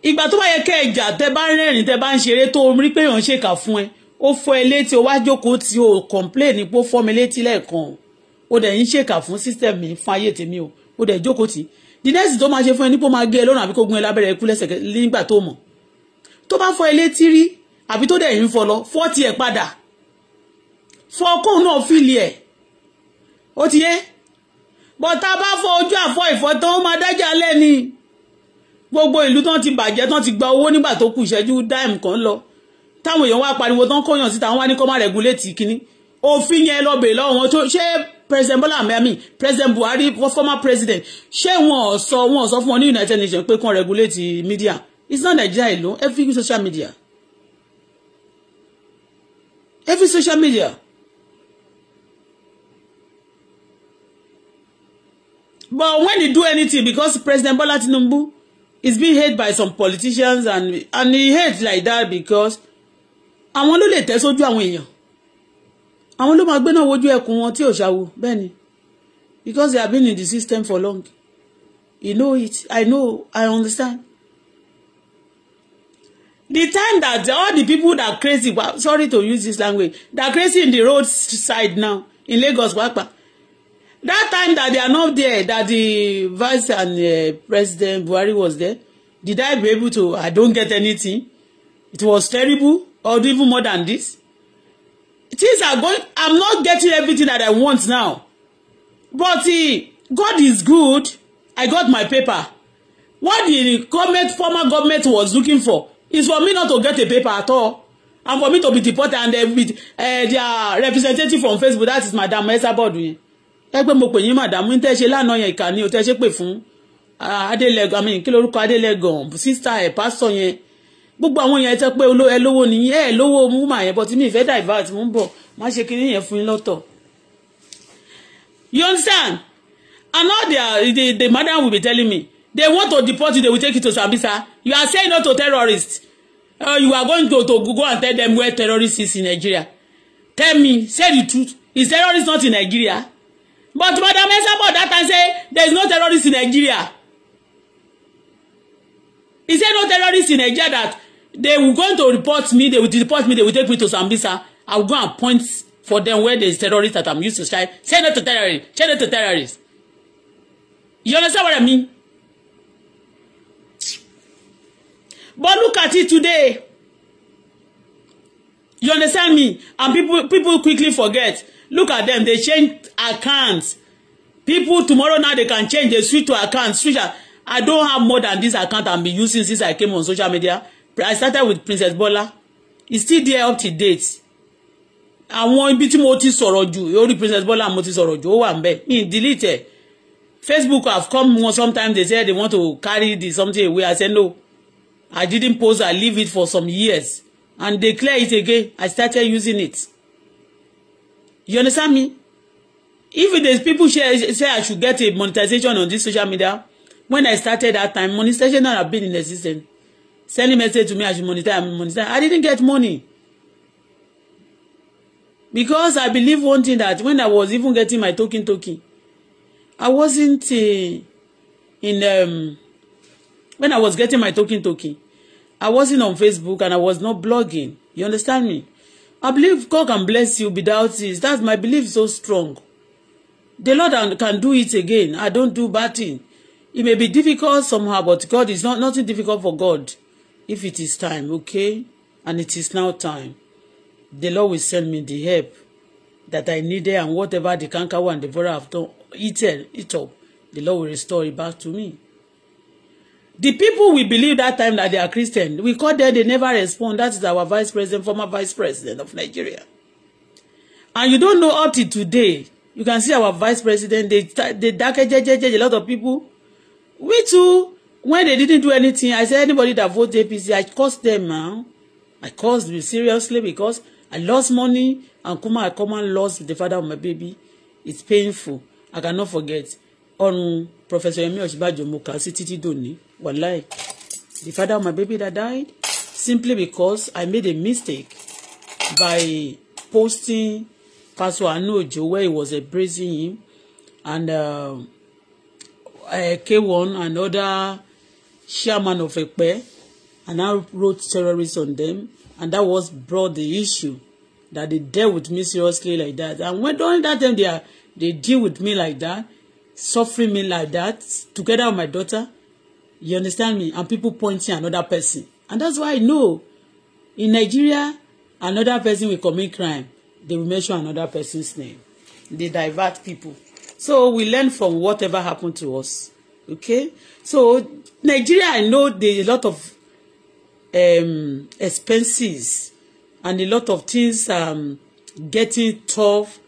ìgbà tó bá yẹ kẹ́ ẹ̀jà tẹ́ bá ń rẹ́rìn tẹ́ bá ń ṣeré tó rí pé èèyàn ṣèkà fún ẹ ó fọ́ ẹ létí o wá jókòó tí o complain pé ó fọ́ mi létí lẹ́ẹ̀kan o dẹ̀ ń ṣèkà fún system mi fún ayé tèmi o o dẹ̀ jókòó tí the next tó máa ṣe fún ẹ ní pé ó máa gé ẹ lọ́rùn àbí kó gún ẹ lábẹ́rẹ́ ikú lẹ́sẹ̀kẹ́ nígbà tó mọ̀ tó bá fọ́ ẹ létí rí àbí tó dẹ̀ ń fọ́ lọ fọ́ tiẹ̀ padà fọ́ ọkùn náà fìlì ẹ̀ ó ti yẹ bọ́tà bá fọ́ ojú àfọ́ ìfọ́ ó máa dájà lẹ́ni gbogbo ìlú tán ti bàjẹ́ tán ti gba owó nígbà tó kù ìṣẹ́jú dáìmù kan lọ táwọn èèyàn wá pariwo tán kóyàn síta wọn wá ní kó má rẹ̀gúlétì kínní òfin yẹn lọ bèèrè lọ́wọ́ wọn tó ṣé president Bola Ahmed president Buhari former president ṣé wọn ò sọ wọn ò sọ fún wọn ní United Nations pé kán rẹ̀gúlétì media it's not Nigeria alone every social media every social media. But when you do anything because President Bola Tinubu it's being hate by some politicians and and he hate like that because àwọn ló lè tẹ́ sójú àwọn èèyàn àwọn ló máa gbé náà wojú ẹkùn wọn tí ò ṣàwo bẹ́ẹ̀ ni because they have been in the system for long you know it I know I understand the time that all the people that crazy sorry to use this language that crazy in the road side now in Lagos papa that time that they are not there that the vice and uh, president Buhari was there did I be able to I don't get anything it was terrible or even more than this things are going I'm not getting everything that I want now but uh, God is good I got my paper what the government former government was looking for is for me not to get a paper at all and for me to be deported and uh, with uh, their representative from Facebook that is Madam Esther Baldwin ẹ mo pè yín màdàmú ní tẹ́ ṣe lánàá yẹn ìkànnì ò tẹ́ ṣe pè fún adélẹ́gàn àmì kí lorúkọ adélẹ́gàn sísá ẹ̀ pásọ yẹn gbogbo àwọn yẹn tẹ́ pé ẹ lówó nìyí ẹ lówó múmà yẹn bọ́ mi ìfẹ́ divert mú bọ̀ má ṣe kinní yẹn fún yín lọ́tọ̀. you understand and all the the the madam will be telling me they want to deport you they will take you to Sambisa you are saying no to terrorists uh, you are going to to go and tell them where terrorists is in Nigeria tell me say the truth is terrorists not in Nigeria But Madam Esabod that time say there is no terrorists in Nigeria. He said no terrorists in Nigeria that they were going to report me, they will deport me, they will take me to Sambisa. I will go and point for them where there is terrorists that I'm used to shine. Say no to terrorists. Say no to terrorists. You understand what I mean? But look at it today. You understand me? And people people quickly forget. Look at them. They change accounts. People tomorrow now they can change. They switch to accounts. Switch. I don't have more than this account I've been using since I came on social media. I started with Princess Bola. It's still there up to date. Àwọn ibi tí mo ti sọ̀rọ̀ jù orí Princess Bola mo ti sọ̀rọ̀ jù ó wà níbẹ̀. Mi delete ẹ̀. Facebook have come sometimes they say they want to carry the something away. I say no. I didn't post. I leave it for some years. And they clear it again. I started using it. You understand me? If there's people say, say I should get a monetization on this social media, when I started that time, monetization not have been in existence. Sending message to me, I should monetize, I monetize. I didn't get money. Because I believe one thing that when I was even getting my token token, I wasn't uh, in um, when I was getting my token token, I wasn't on Facebook and I was not blogging. You understand me? I believe God can bless you without it. That's my belief so strong. The Lord can do it again. I don't do bad thing. It may be difficult somehow, but God is not nothing difficult for God. If it is time, okay? And it is now time. The Lord will send me the help that I needed and whatever the canker and the devourer have done, eaten, eat up. The Lord will restore it back to me. The people we believe that time that they are Christian, we call them, they never respond. That is our vice president, former vice president of Nigeria. And you don't know up to today, you can see our vice president, they, they a lot of people. We too, when they didn't do anything, I said, anybody that votes APC, I cost them. Huh? Ah. I cost them seriously because I lost money and come I come and lost the father of my baby. It's painful. I cannot forget. On Professor Yemi Ọ̀ṣínbàjò mo kà sí Wallahi, the father of my baby that died simply because I made a mistake by posting Pastor Anu Ojo where he was embracing him and uh, uh K1 and other chairman of Ekpe and I wrote terrorists on them and that was brought the issue that they dealt with me seriously like that and when during that time they are they deal with me like that suffering me like that together with my daughter You understand me? And people pointing another person. And that's why I know in Nigeria, another person will commit crime. They will mention another person's name. They divert people. So we learn from whatever happened to us. Okay? So Nigeria, I know there's a lot of um, expenses and a lot of things um, getting tough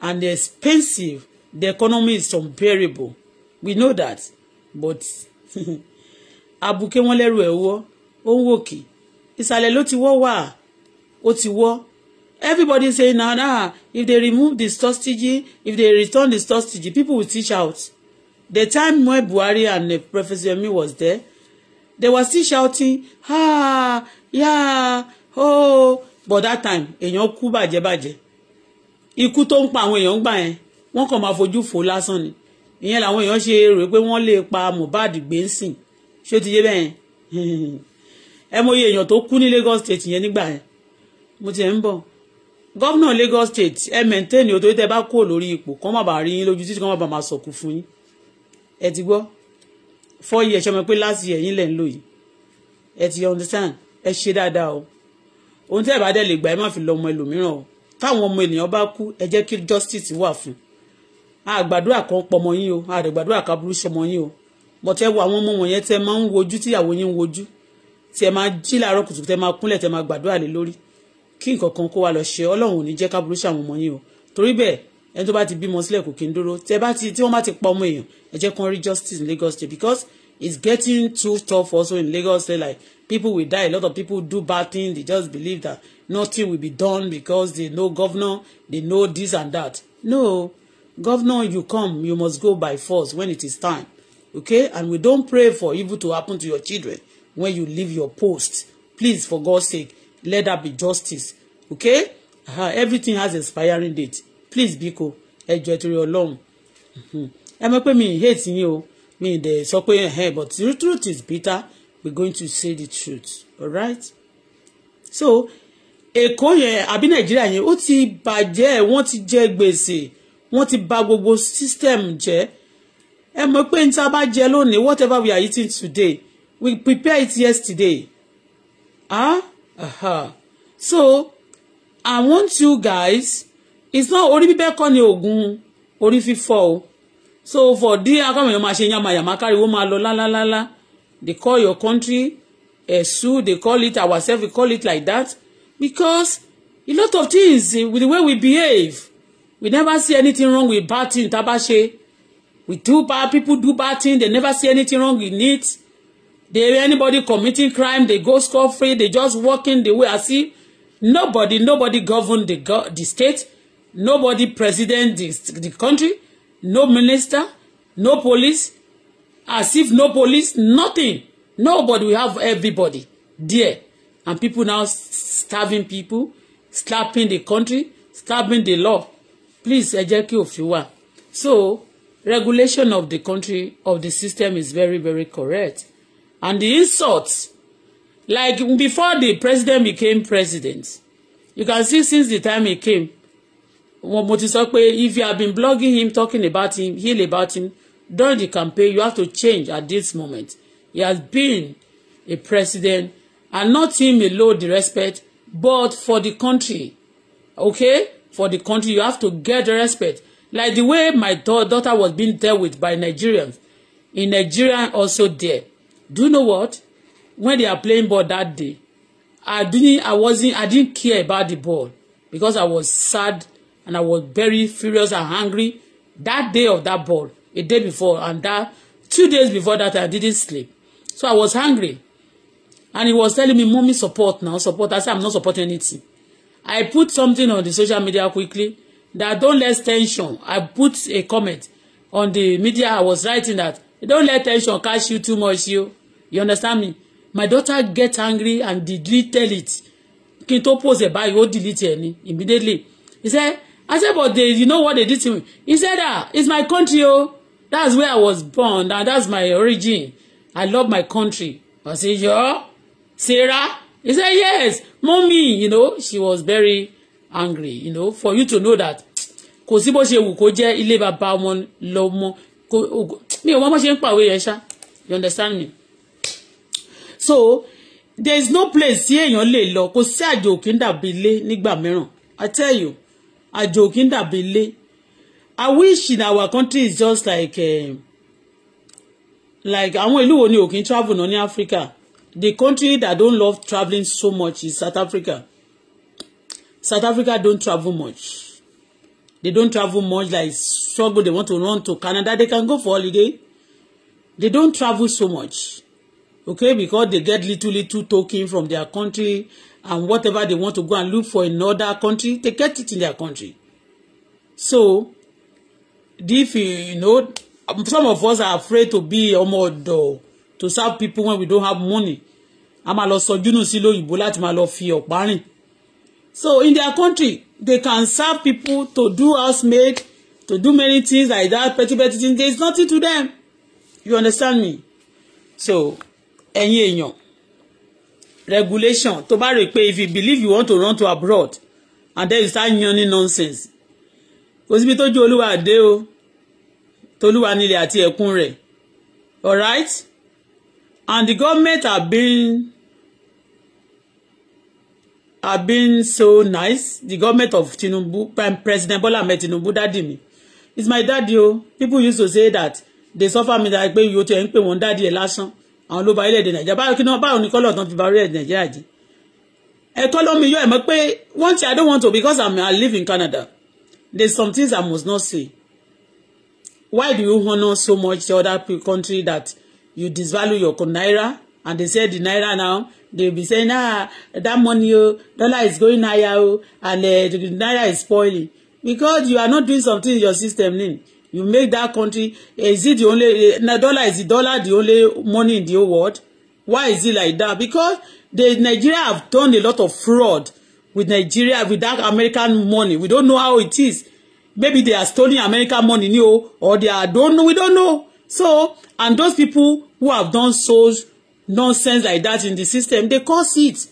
and expensive. The economy is unbearable. We know that. But abuké [LAUGHS] wọn lẹ́rù ẹ̀ wọ́ ó ń wòkè ìsàlẹ̀ ló ti wọ́ wà ó ti wọ́ everybody say na na if they remove the stostage if they return the stostage people will teach out the time when Buhari and uh, Professor Yemi was there they were still shouting "Ha, yeah oh but that time èèyàn kú bàjẹ́ bàjẹ́ ikú tó ń pa àwọn èèyàn gbà yẹn wọ́n kàn máa fojú fò lásán ni ìyẹn làwọn èèyàn ṣe rò pé wọ́n lè pa Mohbad gbé ń sìn ṣé ó ti yé bẹ́ẹ̀ [LAUGHS] ẹ mọ iye èèyàn tó kú ní Lagos state yẹn nígbà yẹn mo ti ẹ̀ ń bọ̀ gómìnà Lagos state ẹ mẹ̀ntẹ́ẹ̀nì òtò tẹ́ bá kúrò lórí ipò kọ́ má bàa rí yín lójú títí kọ́ má bàa máa sọ̀kù fún yín ẹ ti gbọ́ four years ṣọmọ pé last year yín lẹ̀ ń lò yìí ẹ ti understand ẹ ṣe dáadáa o ohun tí ẹ bá dẹ̀ lè gbà ẹ má fi lọ ọmọ ẹlòmíràn o táwọn ọmọ ènìyàn bá kú ẹ jẹ́ kí justice wà fún un àgbàdúrà kan pọmọ yín o àdàgbàdúrà kan burú sọmọ yín o bọ́tẹ́ wo àwọn ọmọ wọ̀nyẹn tẹ́ máa ń wojú tíyàwó yín ń wojú tí ẹ máa jí làárọ̀ kùtù tẹ́ máa kúnlẹ̀ tẹ́ máa gbàdúrà lé lórí kí nǹkan kó wa lọ ṣe ọlọ́run ò ní jẹ́ ká burú sàwọn ọmọ yín o torí bẹ́ẹ̀ ẹni tó bá ti bímọ sílẹ̀ kò kí n dúró tẹ́ bá ti tí wọ́n bá ti pa ọmọ èèyàn ẹ justice in Lagos state because it's getting too tough also in Lagos state like people will die a lot of people do bad things they just believe that nothing will be done because they know governor they know this and that no governor you come you must go by force when it is time okay and we don't pray for evil to happen to your children when you leave your post please for God's sake let that be justice okay uh, everything has expiring date please biko ẹjọ ìtòrí Ọlọ́run mm-hmm. ẹ mọ̀ pé mi hate yín o mi dẹ̀ sọ pé ẹhẹn but the truth is bitter we going to say the truth alright so Èkó yẹn àbí Nàìjíríà yẹn ó ti bàjẹ́ wọ́n ti jẹ gbèsè wọ́n ti bà gbogbo system jẹ́ ẹ mọ̀ pé n ta bá jẹ lónìí whatever we are eating today we prepare it yesterday ah uh-huh. so I want you guys it's not orí bíbẹ́ kọ́ ni oògùn orí fífọ́ o so for there akáwọn èèyàn máa ṣe yamayama káriwo máa lọ lálálálá they call your country esu eh, they call it ourself. we call it like that because a lot of things with the way we behave we never see anything wrong with bad thing tá a we do bad people do bad thing they never see anything wrong with it they anybody committing crime they go scot free they just walking the way I see nobody nobody govern the go the state nobody president the, the country no minister no police as if no police nothing nobody we have everybody there and people now starving people slapping the country stabbing the law please ẹ jẹ́ kí òfin wà so regulation of the country of the system is very very correct and the insult like before the president became president you can see since the time he came wọn mo ti sọ pé if you have been blogging him talking about him heal about him during the campaign you have to change at this moment he has been a president and not him alone the respect but for the country okay for the country you have to get the respect like the way my daughter was being dealt with by Nigerians in Nigeria also there do you know what when they are playing ball that day I didn't I wasn't I didn't care about the ball because I was sad and I was very furious and angry that day of that ball a day before and that two days before that I didn't sleep so I was angry and he was telling me mommy support now support I said I'm not supporting anything I put something on the social media quickly that don't let tension. I put a comment on the media. I was writing that don't let tension catch you too much. You, you understand me? My daughter get angry and did deleted it. Kí n tó post ẹ̀ báyìí, ó delete ẹ̀ ni immediately. He said, I said, but they, you know what they did to me? He said, ah, it's my country, oh. That's where I was born, and that's my origin. I love my country. I said, yo, Sarah. He said, yes, mommy, you know, she was very angry, you know, for you to know that kò sí bó ṣe wù kó jẹ́ ilé bàbá ọmọ lọ́mọ mi ò mọ bó ṣe ń pàwé yẹn ṣá you understand me so there is no place tí èèyàn lè lọ kò sí àjò kí n dàbí ilé nígbà mìíràn I tell you àjò kí n dàbí ilé I wish in our country is just like uh, like àwọn ìlú wo ni òkín travel náà ní Africa the country that don't love traveling so much is South Africa. South Africa don't travel much. They don't travel much like struggle. They want to run to Canada. They can go for holiday. They don't travel so much. Okay, because they get little little token from their country and whatever they want to go and look for in another country, they get it in their country. So, if you, you know, some of us are afraid to be omo odo to serve people when we don't have money a máa lọ sọjú sí lóyìnbó láti máa lọ fi ọ̀pá rìn so in their country they can serve people to do housemaid to do many things like that petty petty things there is nothing to them you understand me so ẹ̀yin èèyàn regulation tó bá rè pé if you believe you want to run to abroad and then you start yanni nonsense kò síbi tójú olúwa dé o tolúwa nílẹ̀ àti ẹ̀kún rẹ̀ alright and the government have been have been so nice the government of Tinubu President Bola Ahmed Tinubu daddy me. it's my daddy o people used to say that they suffer me that pé yóò tẹ̀ ń pè wọ́n daddy ẹ̀ lásán àwọn ló ba ilẹ̀ èdè Nàìjíríà báwo kí ni wọ́n báwo ni kọ́lọ̀ tán fi ba orí èdè Nàìjíríà jẹ́ ẹ̀kọ́ lómi yọ ẹ̀ mọ́ pé one thing I don't want to because I'm, I live in Canada there's some things I must not say why do you honour so much the other country that you disvalue your naira and they say the naira now they be saying ah that money oh dollar is going higher oh and uh, the naira is spoiling because you are not doing something in your system then you make that country eh, is it the only uh, na dollar is the dollar the only money in the whole world why is it like that because the Nigeria have done a lot of fraud with Nigeria with that American money we don't know how it is maybe they are stealing American money ni oh, or they are don't know we don't know so and those people who have done so nonsense like that in the system they cause it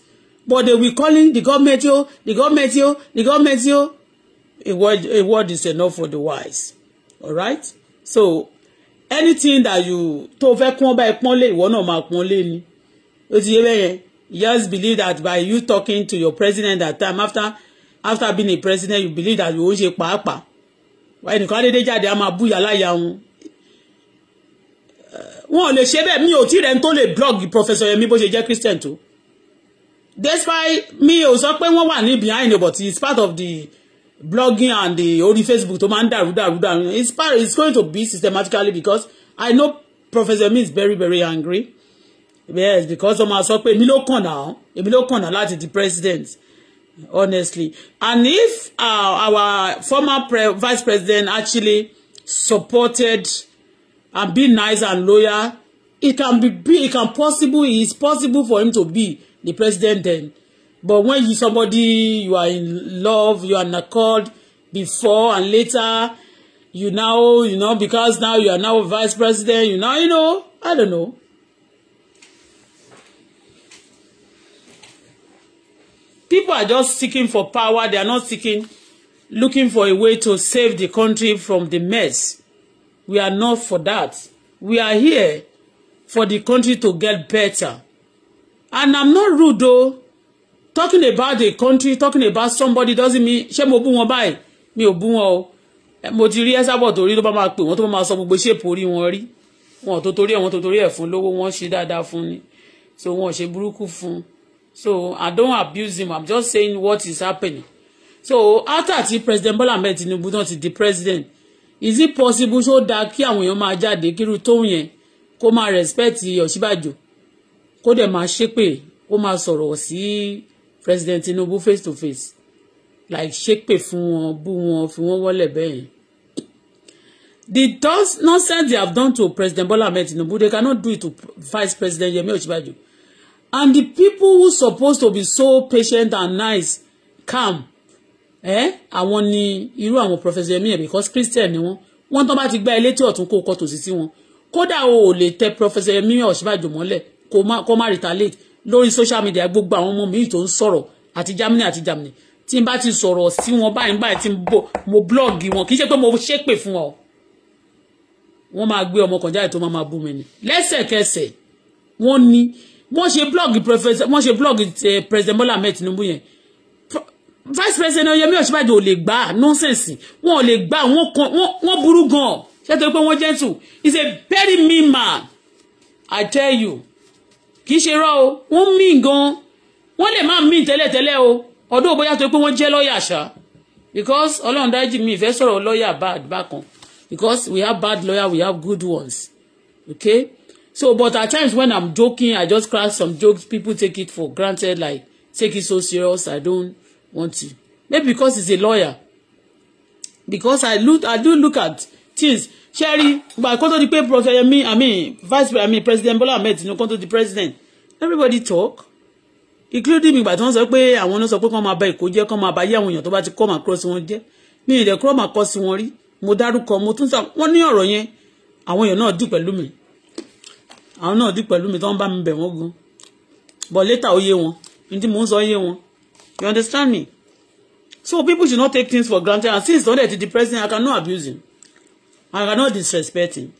but they be calling the government yo the government yo the government yo a word a word is enough for the wise all right so anything that you tó fẹ́ kún ọba ìpọ́nlé ìwọ náà máa pọ́nlé ni ó ti yé bẹ́yẹn you just believe that by you talking to your president that time after after being a president you believe that you ó ṣe pàápàá ẹnìkan dédé jáde á máa búyà láyà wọn wọn ò lè ṣe bẹ́ẹ̀ mi ò tí rẹ̀ ń tó lè blog professor Mi bó ṣe jẹ́ Christian tó despite mi ò sọ pé wọ́n wà ní behind but it's part of the blogging and the only Facebook tó máa ń dàrú dàrú dàrú it's part it's going to be systematically because I know professor Mi is very very angry yes because wọ́n máa sọ pé èmi ló kàn náà èmi ló kàn náà láti di president honestly and if uh, our former pre vice president actually supported and be nice and loyal it can be, be it can possible it is possible for him to be the president then but when you somebody you are in love you are in accord before and later you now you know because now you are now vice president you now you know I don't know. People are just seeking for power they are not seeking looking for a way to save the country from the mess We are not for that. We are here for the country to get better. And I'm not rude though. Talking about the country, talking about somebody doesn't mean ṣé mo bú wọn báyìí mi ò bú wọn o. Eh, mo ti rí ẹ́sàbọ̀ torí ló bá máa pè wọ́n tó máa sọ gbogbo ṣèpò orí wọn rí. Wọn tó torí ẹ̀ wọ́n tó torí ẹ̀ fún lówó wọ́n ṣe dáadáa fún ni. So wọn ṣe burúkú fún. So I don't abuse him. I'm just saying what is happening. So after ti President Bola Ahmed Tinubu náà ti di president is it possible ṣó dáa kí àwọn èèyàn máa jáde kírú tóun yẹn kó máa respect Ọ̀ṣínbàjò kó dẹ̀ máa ṣépè kó máa sọ̀rọ̀ sí President Tinubu face to face like ṣépè fún wọn bú wọn fi wọn wọlé bẹ́ẹ̀ the thoughts nonsense they have done to President Bola Ahmed Tinubu they cannot do it to Vice President Yemi Ọ̀ṣínbàjò and the people who supposed to be so patient and nice calm ẹ eh? àwọn ni irú àwọn professor yẹmi because christian ni wọn wọn tó bá ti gba ilé tí ọ̀tún kó kọ tòsí sí wọn kódà o ò lè tẹ professor yẹmi ọ̀ṣibàjò mọ́lẹ̀ kó má kó retaliate lórí social media gbogbo àwọn ọmọ mi tó ń sọ̀rọ̀ àti germany àti germany tí n bá ti sọ̀rọ̀ sí wọn báyìí báyìí tí mo blog wọn kì í ṣe pé mo ṣépè fún ọ wọ́n máa gbé ọmọ kan jáde tó máa máa bú mi ni lẹ́sẹ̀kẹsẹ̀ wọ́n ní wọ́n ṣe blog professor. wọ́n ṣe blọ́ọ̀gì eh, president Bola Ahmed Tinubu yẹn vice president Yẹmí Ọ̀ṣínbàjò ò lè gbà nonsense wọn ò lè gbà wọn burú gan ṣé torí pé wọn gentle he's a very mean man i tell you kì í ṣe o wọ́n mean gan wọ́n lè má mean tele o ọdún òbóyá torí pé wọ́n jẹ́ lọ́ọ̀yà ṣá because ọlọ́run dájú mi ìfẹ́ sọ̀rọ̀ lawyer bad bákan because we have bad lawyer we have good ones okay so but at times when i'm joking i just crack some jokes people take it for granted like take it so serious i don't want to maybe because he's a lawyer because I look I do look at things sherry gba kó tó di pé Prophet Yemi I mean vice I mean President Bola Ahmed Tinubu kó tó di president everybody talk including me. gbà tí wọ́n sọ pé àwọn náà sọ pé kán máa ba Èkó jẹ́ kán máa ba ayé àwọn èèyàn tó bá ti come across wọn jẹ́ mi ìdẹ̀ kúrò máa kọ́ sí wọn rí mo dárúkọ mo tún sọ wọ́n ní ọ̀rọ̀ yẹn àwọn èèyàn náà dì pẹ̀lú mi àwọn náà dì pẹ̀lú mi tó ń bá mi bẹ̀ wọ́n gan but later ó yé wọn ní tí mò ń sọ yé wọn You understand me? So people should not take things for granted. And since Sunday to the president, I cannot abuse him. I cannot disrespect him.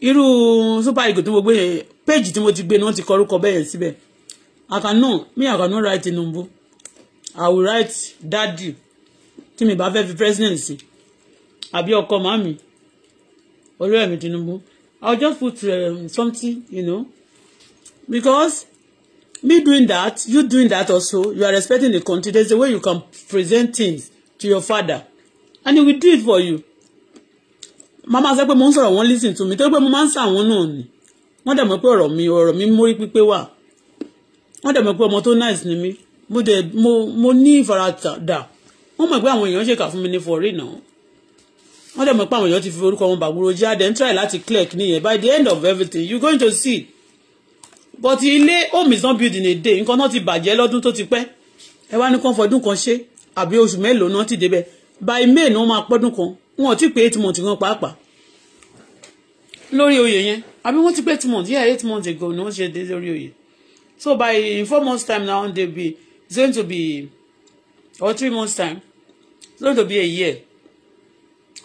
Irú super ego tí mo gbé page tí mo ti gbé ni wọ́n ti kọrúkọ bẹ́ẹ̀ síbẹ̀. I cannot me I cannot write Tinubu. I will write daddy To me, bá fẹ́ presidency, president be your ọkọ màmí. Olúwẹ̀mí Tinubu. I will just put um, something, you know. Because me doing that you doing that also you are respecting the country there's a way you can present things to your father and he will do it for you mama sọ pé mo ń sọ̀rọ̀ wọ́n listen to me torí pé mo máa ń sàwọn náà ni wọ́n dẹ̀ mọ̀ pé ọ̀rọ̀ mi ọ̀rọ̀ mi mórí pípé wà wọ́n dẹ̀ mọ̀ pé ọmọ tó nice ni mí mo dẹ̀ mo mo ní ìfaradà wọ́n mọ̀ pé àwọn èèyàn ṣèkà fún mi ní for real náà wọ́n dẹ̀ mọ̀ pé àwọn èèyàn ti fi orúkọ wọn bàgbúrò jáde ń try láti clear kìnìyẹn by the end of everything you going to see but ilé home is not built in a day nǹkan náà ti bàjẹ́ lọ́dún tó ti pẹ́ ẹ wá ní kán fọdún kan ṣe àbí oṣù mélòó náà ti débẹ̀ by may ni wọ́n máa pọ́dún kan wọn ò tí pé eight months gan pàápàá lórí oyè yẹn àbí wọ́n ti pé eight months yeah eight months ago ni wọ́n ṣe dé lórí oyè so by in four months time now they be it's going to be or three months time it's going to be a year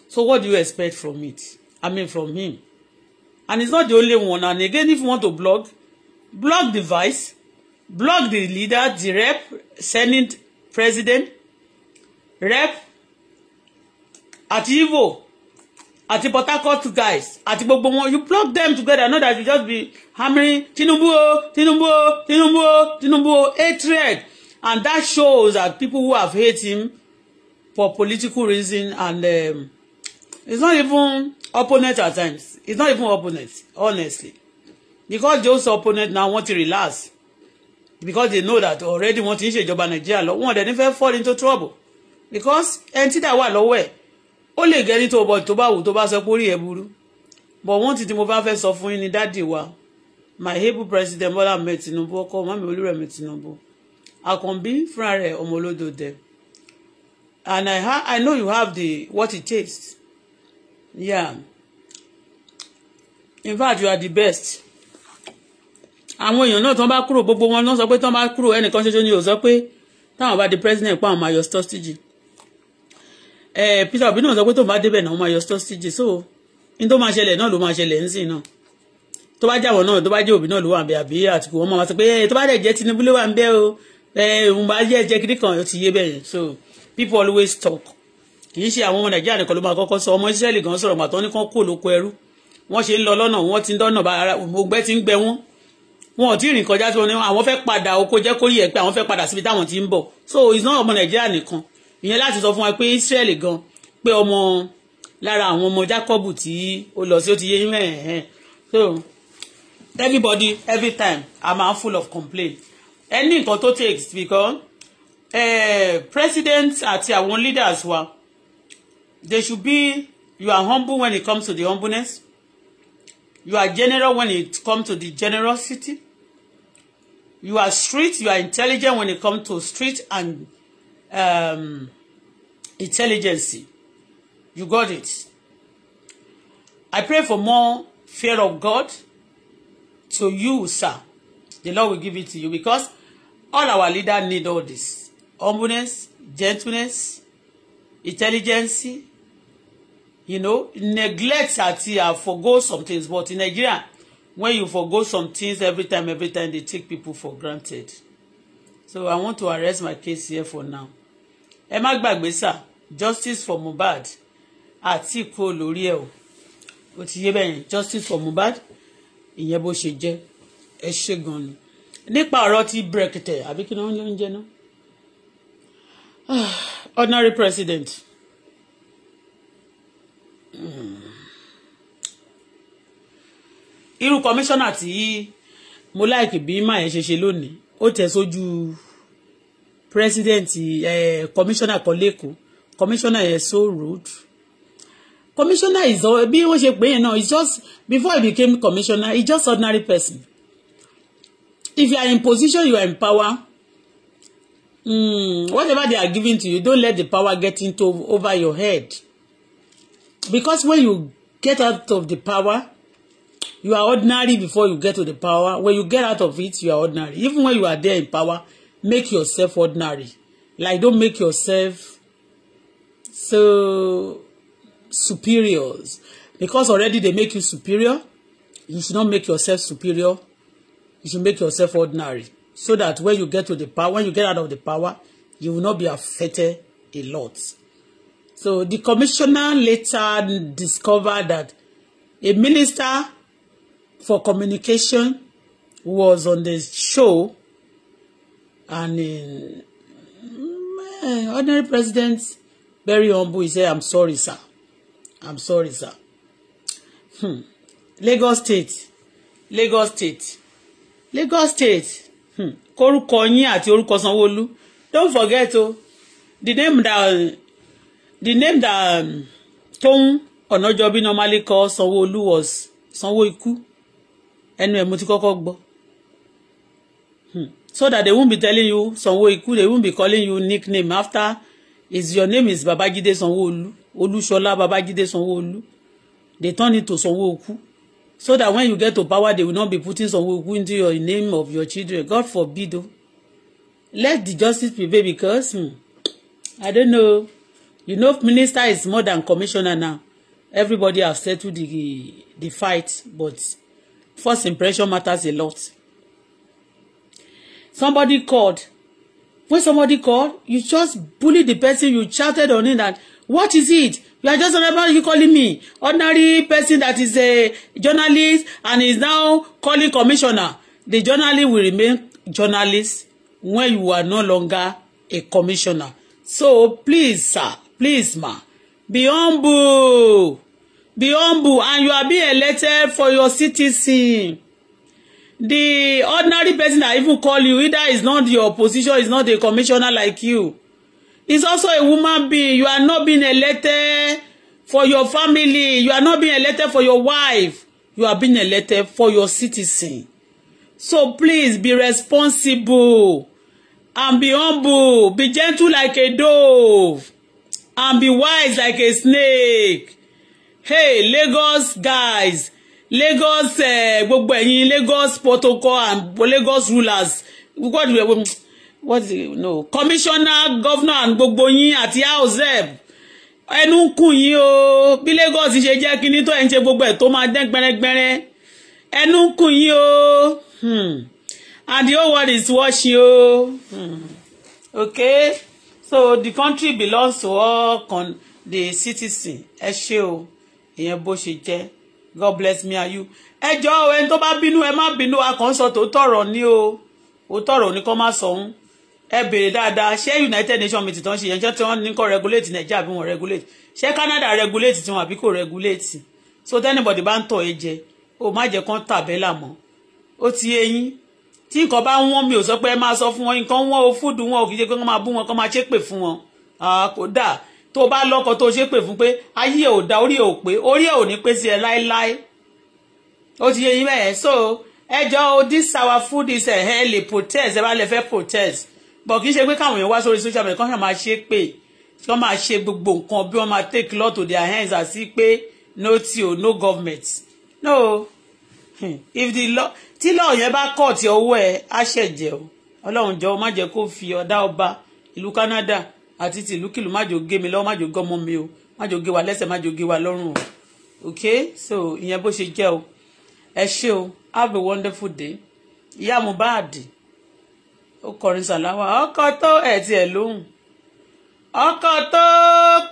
so what do you expect from it i mean from him and it's not the only one and again if you want to blog block the vice, block the leader, the rep, senate president, rep Ativo, Igbo àti Port Harcourt guys àti gbogbo wọn you block them together not that you just be hammering Tinubu Tinubu Tinubu Tinubu hatred and that shows that people who have hate him for political reason and um, it's not even opponent at times it's not even opponent honestly because those opponents now want to relax because they know that already wọ́n ti ń ṣèjọba nàìjíríà lọ wọ́n dẹ̀ ní fall into trouble because ẹni tí dà wà lọ́wọ́ ẹ̀ ó lè gẹ́ ní tó bọ̀ tó bá wù tó bá sọ pé ó rí ẹ burú but wọ́n ti ti mo bá fẹ́ sọ fún yín ní dáàdì wa my able president Bọ́lá Ahmed Tinubu ọkọ mami Olúrẹ̀mí Tinubu Akànbí fúnra rẹ̀ ọmọ olódo dẹ and I, ha I know you have the what it takes yeah in fact you are the best àwọn èèyàn náà tán bá kúrò gbogbo wọn náà sọ pé tán bá kúrò ẹnìkan ṣoṣo ni ò sọ pé táwọn bá di president pa àwọn máa yọ Stostigi Peter Obi náà sọ pé tóun bá débẹ̀ náà wọ́n máa yọ Stostigi so ní tó máa ṣẹlẹ̀ náà ló máa ṣẹlẹ̀ ń sìn náà tó bá jáwọ́ náà tó bá jẹ́ Obi náà ló wà ń bẹ àbí Àtìkù wọn máa sọ pé tó bá dẹ̀ jẹ́ Tinubu ló wà ń bẹ o òun bá jẹ́ jẹ́ so people always talk kì í ṣe àwọn ọmọ Nàìjíríà nìkan ló máa kọ́kọ́ sọ ọmọ Ísírẹ́lì gan sọ̀rọ̀ pàtó ní kan kó lóko ń lọ lọ́nà wọ́n ti ń dọ́nà gbẹ́ ti ń gbẹ wọ́n wọn ò tí ì rìn kọjá tí wọn ní àwọn fẹ́ padà oko jẹ́ kórìí ẹ̀ pé àwọn fẹ́ padà síbi táwọn ti ń bọ̀ so it's not ọmọ nàìjíríà nìkan ìyẹn láti sọ fún wa pé israel gan pé ọmọ lára àwọn ọmọ jacobu tí ó lọ sí ó ti yé yín ẹ̀hẹ́n so everybody every time i'm full of complaint any nǹkan tó takes because uh, president àti àwọn leaders wa they should be you are humble when it comes to the humbleness you are generous when it comes to the generosity you are street you are intelligent when it comes to street and um, intelligence you got it I pray for more fear of God to you sir the Lord will give it to you because all our leaders need all this humbleness gentleness intelligence you know neglect àti uh, forgo some things but in Nigeria when you forgo some things every time every time they take people for granted so i want to arrest my case here for now ẹ má gbàgbé sá justice for Mohbad àti ikú olórí ẹ o ó ti yé bẹ́yẹn justice for Mohbad ìyẹn bó ṣe jẹ́ ẹ ṣe gan ni nípa ọ̀rọ̀ ti brèkìtẹ̀ àbí kí ni wọ́n ń jẹ́ náà [SIGHS] ordinary president. Mm irú kọmíṣánná tí mo láìkì bí máa yẹn ṣe ṣe lónìí ó tẹ̀ sójú president kọmíṣánná kan lẹ́kọ̀ọ́ kọmíṣánná yẹn so rude commissioner is bí wọ́n ṣe pè é náà it's just before he became commissioner he's just ordinary person if you are in position you are in power mm, whatever they are giving to you don't let the power get into over your head because when you get out of the power You are ordinary before you get to the power. When you get out of it, you are ordinary. Even when you are there in power, make yourself ordinary. Like don't make yourself so superiors. Because already they make you superior. You should not make yourself superior. You should make yourself ordinary. So that when you get to the power, when you get out of the power, you will not be affected a lot. So the commissioner later discovered that a minister for communication was on the show and uh, mm, eh, ordinary president very humble he said i'm sorry sir i'm sorry sir hmm. Lagos State Lagos State Lagos State hmm. korúkọ yín àti orúkọ sanwó don't forget o oh, the name that the name that um, Toun Onajobi normally call sanwó was sanwó ẹnu ẹ̀ mo ti kọ́kọ́ gbọ́ hmm. so that they won't be telling you sanwó ikú they won't be calling you nickname after is your name is babajide sanwóolu olúṣọlá babajide sanwóolu they turn it to sanwó ikú so that when you get to power they will not be putting sanwó ikú into your name of your children god forbid o let the justice prevail because hmm, i don't know you know minister is more than commissioner now everybody have settled the the fight but First impression matters a lot. Somebody called. When somebody called, you just bully the person, you chatted on him that, what is it? You are just remember you calling me. Ordinary person that is a journalist and is now calling commissioner. The journalist will remain journalist when you are no longer a commissioner. So please, sir, please, ma, be humble. Be humble and you are being elected for your citizen. The ordinary person that even call you, either is not your position, is not a commissioner like you. It's also a woman being. You are not being elected for your family. You are not being elected for your wife. You are being elected for your citizen. So please be responsible and be humble. Be gentle like a dove and be wise like a snake hey Lagos guys Lagos eh, gbogbo uh, ẹ̀yin Lagos protocol and Lagos rulers what do what do commissioner governor and gbogbo yín àti house ẹnu ń kùn yín o bí Lagos ṣe jẹ́ kínní tó ẹ̀ ń ṣe gbogbo ẹ̀ tó máa dẹ́n gbẹ́rẹ́gbẹ́rẹ́ ẹnu ń kùn yín o hmm. and the whole world is watching o hmm. okay so the country belongs to all con the citizens ẹ ṣé o ìyẹn bó ṣe jẹ́ god bless me and you ẹ jọ ẹni tó bá bínú ẹ má bínú akọ́ńsọ tó tọ̀rọ̀ ní o ó tọ̀rọ̀ ní kọ́ má sọ ń ẹ béèrè dáadáa ṣé united nations meeting tán ṣe yẹn tí wọ́n ní kọ́ regulate nàìjíríà bí wọ́n regulate ṣé canada regulate tiwọn àbí kò regulate so tẹ́nibọ̀dì bá ń tọ̀ ẹ jẹ o má jẹ́ kán tàbẹ́là mọ́ ó ti eyín tí nǹkan bá wọ́n mi ò sọ pé ẹ máa sọ fún wọn nǹkan wọ́n o fúdù wọn ò kì í ṣe pé wọ́n máa bú wọn kán máa ṣépè fún wọn kódà tó bá lọ́kọ tó ṣe pè fún pé ayé ò da orí ò pé orí ò ní pé sí ẹ láéláé ó ti yé yín bẹ́ẹ̀ so ẹjọ́ o this our food is ẹ̀ eh, eh, protest ẹ bá lè fẹ́ protest but kì í ṣe pé káwọn èèyàn wá sórí social media kan máa ṣe pé kí wọ́n máa ṣe gbogbo nǹkan bí wọ́n máa take law to their hands àti pé no ti o no government no hmm. if the law tí law yẹn bá court tí ọwọ́ ẹ̀ á ṣẹ̀jẹ̀ o ọlọ́run jọ̀ọ́ má jẹ́ kó fi ọ̀dá ọba ìlú Canada àti ti ìlúkìlú májò gé mi lọ́wọ́ májò gọ́mọ mi o májò gé wa lẹ́sẹ̀ májò gé wa lọ́rùn o ok so ìyẹn bó ṣe jẹ́ o ẹ ṣé o have a wonderful day ìyá Mohbad ó kọrin sàláwà ọkọ tó ẹ tiẹ̀ lóhùn ọkọ tó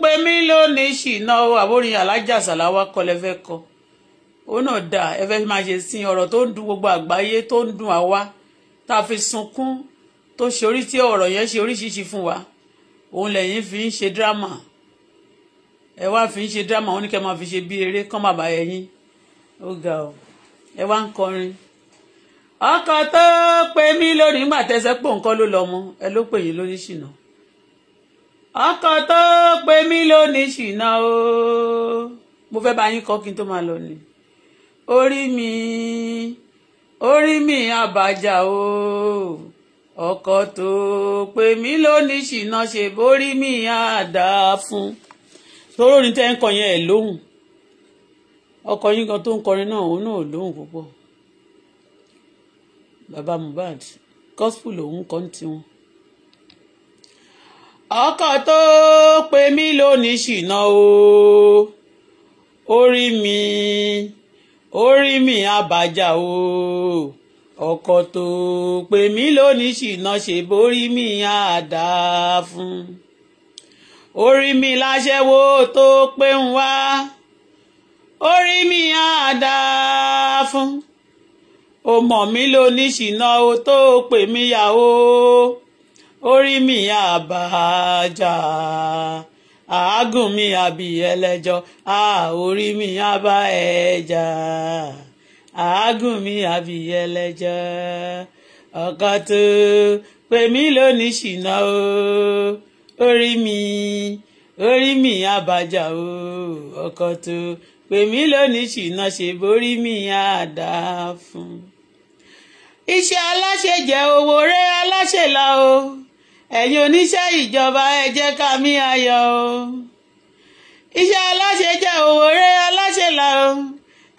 pe mí lónìí ṣìnà o àbórin alájà sàláwà kọlẹ fẹ́ kọ ó náà dà ẹ fẹ́ máa ṣe sin ọ̀rọ̀ tó ń dùn gbogbo àgbáyé tó ń dùn àwa tá a fi sunkún tó ṣe orí tí ọ̀rọ̀ yẹn ṣe oríṣiríṣi fún wa òun lẹ́yìn fi ń ṣe dírámà ẹ wá fi ń ṣe dírámà òun ní kẹ́ máa fi ṣe bí eré kán bàbá ẹ̀yìn ó ga ọ ẹ wá ń kọrin ọkọ tó pe mí lórí nígbà tẹsẹ pò ń ló lọ mọ ẹ ló pè yín lóní ṣìnà ọkọ tó pe mí lóní ṣìnà o mo fẹ́ bá yín kọ́ kí n tó máa lọ ni orí mi orí mi àbàjá o ọkọ tó pè mí lónìí ṣìnà ṣe borí mi àdá fún toró ní tẹ́ ń kọ yẹn ẹ̀ lóhùn ọkọ yín kan tó ń kọrin náà òun náà lóhùn púpọ̀ bàbá Mohbad gospel lòun kan tiwọn. ọkọ tó pè mí lónìí ṣìnà o orí mi orí mi àbájá o ọkọ tó pè mí lónìí ṣìnà ṣe borí mi àdá fún orí mi láṣẹ́wó tó pé ń wá orí mi àdá fún o mọ̀ mí lónìí ṣìnà o tó pè mí yàwó orí mi àbájá àágùn mi àbí ẹlẹ́jọ́ a orí mi àbá ẹja. E àágùn mi àbí ẹlẹ́jọ́ ọkọ tó lónìí ṣìnà o orí mi orí mi àbájá o ọkọ tó pè mí lónìí ṣìnà ṣe borí mi àdá fún. iṣẹ́ aláṣẹ jẹ́ owó rẹ̀ aláṣẹ la o ẹ̀yin oníṣẹ́ ìjọba ẹ jẹ́ ká mí ayọ̀ o iṣẹ́ aláṣẹ jẹ́ owó rẹ̀ aláṣẹ la o.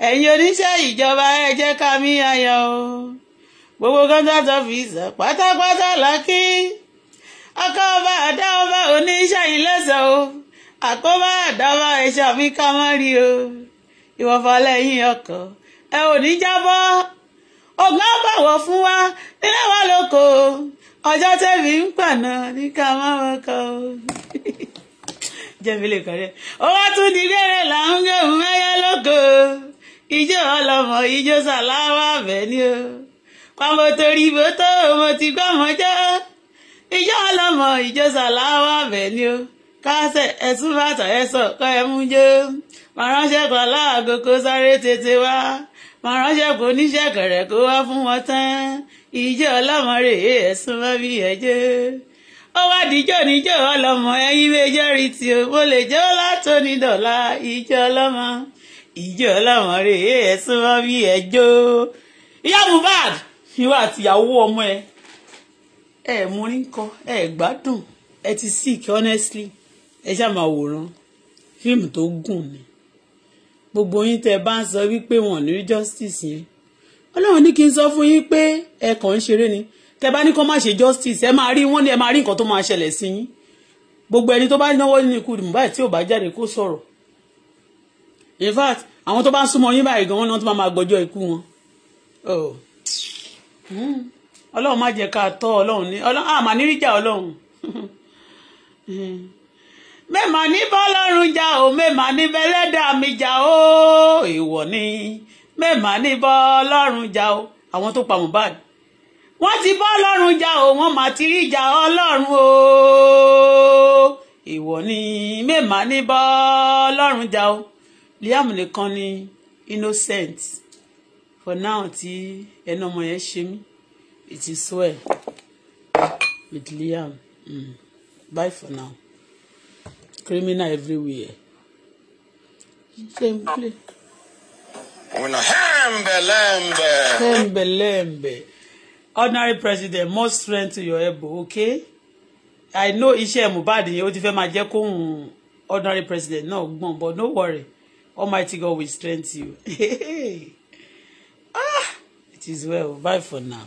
ẹ̀yin oníṣẹ́ ìjọba ẹ jẹ́ ká mí ayọ̀ o gbogbo contract office pátápátá lákì ọkọ ọba àdá oníṣẹ́ yìí lẹ́sẹ̀ o àkóbá àdá ẹ̀ṣọ́ mi ká mọ́ rí o ìwọ̀fọ̀ lẹ́yìn ọkọ̀ ẹ ò ní jábọ́ ọgbọ́n bọ̀wọ̀ fún wa nílẹ̀ wa lóko ọjọ́ tẹ̀mí ń pàná ní ká má wọkọ̀ o [LAUGHS] jẹ́mi lè ijó ọlọmọ ijó sàlámà bẹ́ni o pàmò torí bó tó mo ti gbọ́ mọ́ jọ́ ijó ọlọmọ ijó sàlámà bẹ́ni o kásẹ̀ ẹ̀sùn bàtà ẹ̀sọ̀ kọ́ ẹ mú jó màá ránṣẹ́ kan láàgó kó sáré tètè wá màá ránṣẹ́ kó níṣẹ́ kẹ̀rẹ̀ kó wá fún wọn tán ijó ọlọmọ rèé ẹ̀sùn bá bí ẹjọ́ ó wá díjọ́ níjọ́ ọlọmọ ẹ̀yìn méjọ́rìtì o mo lè jẹ́ látòní dọ̀la ijó ọlọmọ ìjọ ọlọ́mọ rè é ẹ súnmọ́ bí ẹ jó ìyá Mohbad ìwọ àtìyàwó ọmọ ẹ ẹ mú rí nkọ ẹ gbádùn ẹ ti sick honestly ẹ ṣáà máa wòran fíìmù tó gùn ni gbogbo yín tẹ bá ń sọ wípé wọn ní justice yẹn Ọlọ́run ní kí n sọ fún yín pé ẹ kàn ń ṣeré ni tẹ bá ní kó má ṣe justice ẹ máa rí wọn ni ẹ máa rí nǹkan tó máa ṣẹlẹ̀ sí yín gbogbo ẹni tó bá náwó nínú ikú Mohbad tí ò bá jáde kó sọ̀rọ̀ in fact àwọn tó bá ń súnmọ́ yín báyìí gan wọn náà tó máa gbọ́jọ́ ikú wọn hmm. ọlọ́run má jẹ́ ká tọ́ ọlọ́run ní ọlọ́run àmà níríjà ọlọ́run [LAUGHS] mẹ́mà ní bọ́lọ́run jà ó mẹ́mà ní bẹ́lẹ́dà mi jà ó èèwọ̀ ni mẹ́mà ní bọ́lọ́run jà ó àwọn tó pa Mohbad wọ́n ti bọ́ ọlọ́run jà ó wọ́n mà ti rí ìjà ọlọ́run o èèwọ̀ ni mẹ́mà ní bọ́lọ́run jà ó. Liam nìkan ni innocent for now tí ẹnu ọmọ yẹn ṣe mí it is well with Liam mm. bye for now criminal everywhere. Simply. Una hembelembe. Ordinary president, more strength to your elbow, okay? I know iṣẹ́ Mohbad yẹn ó ti fẹ́ máa jẹ́ kóhun ordinary president náà gbọ̀n but no worry. Almighty God will strengthen you. [LAUGHS] ah, it is well. Bye for now.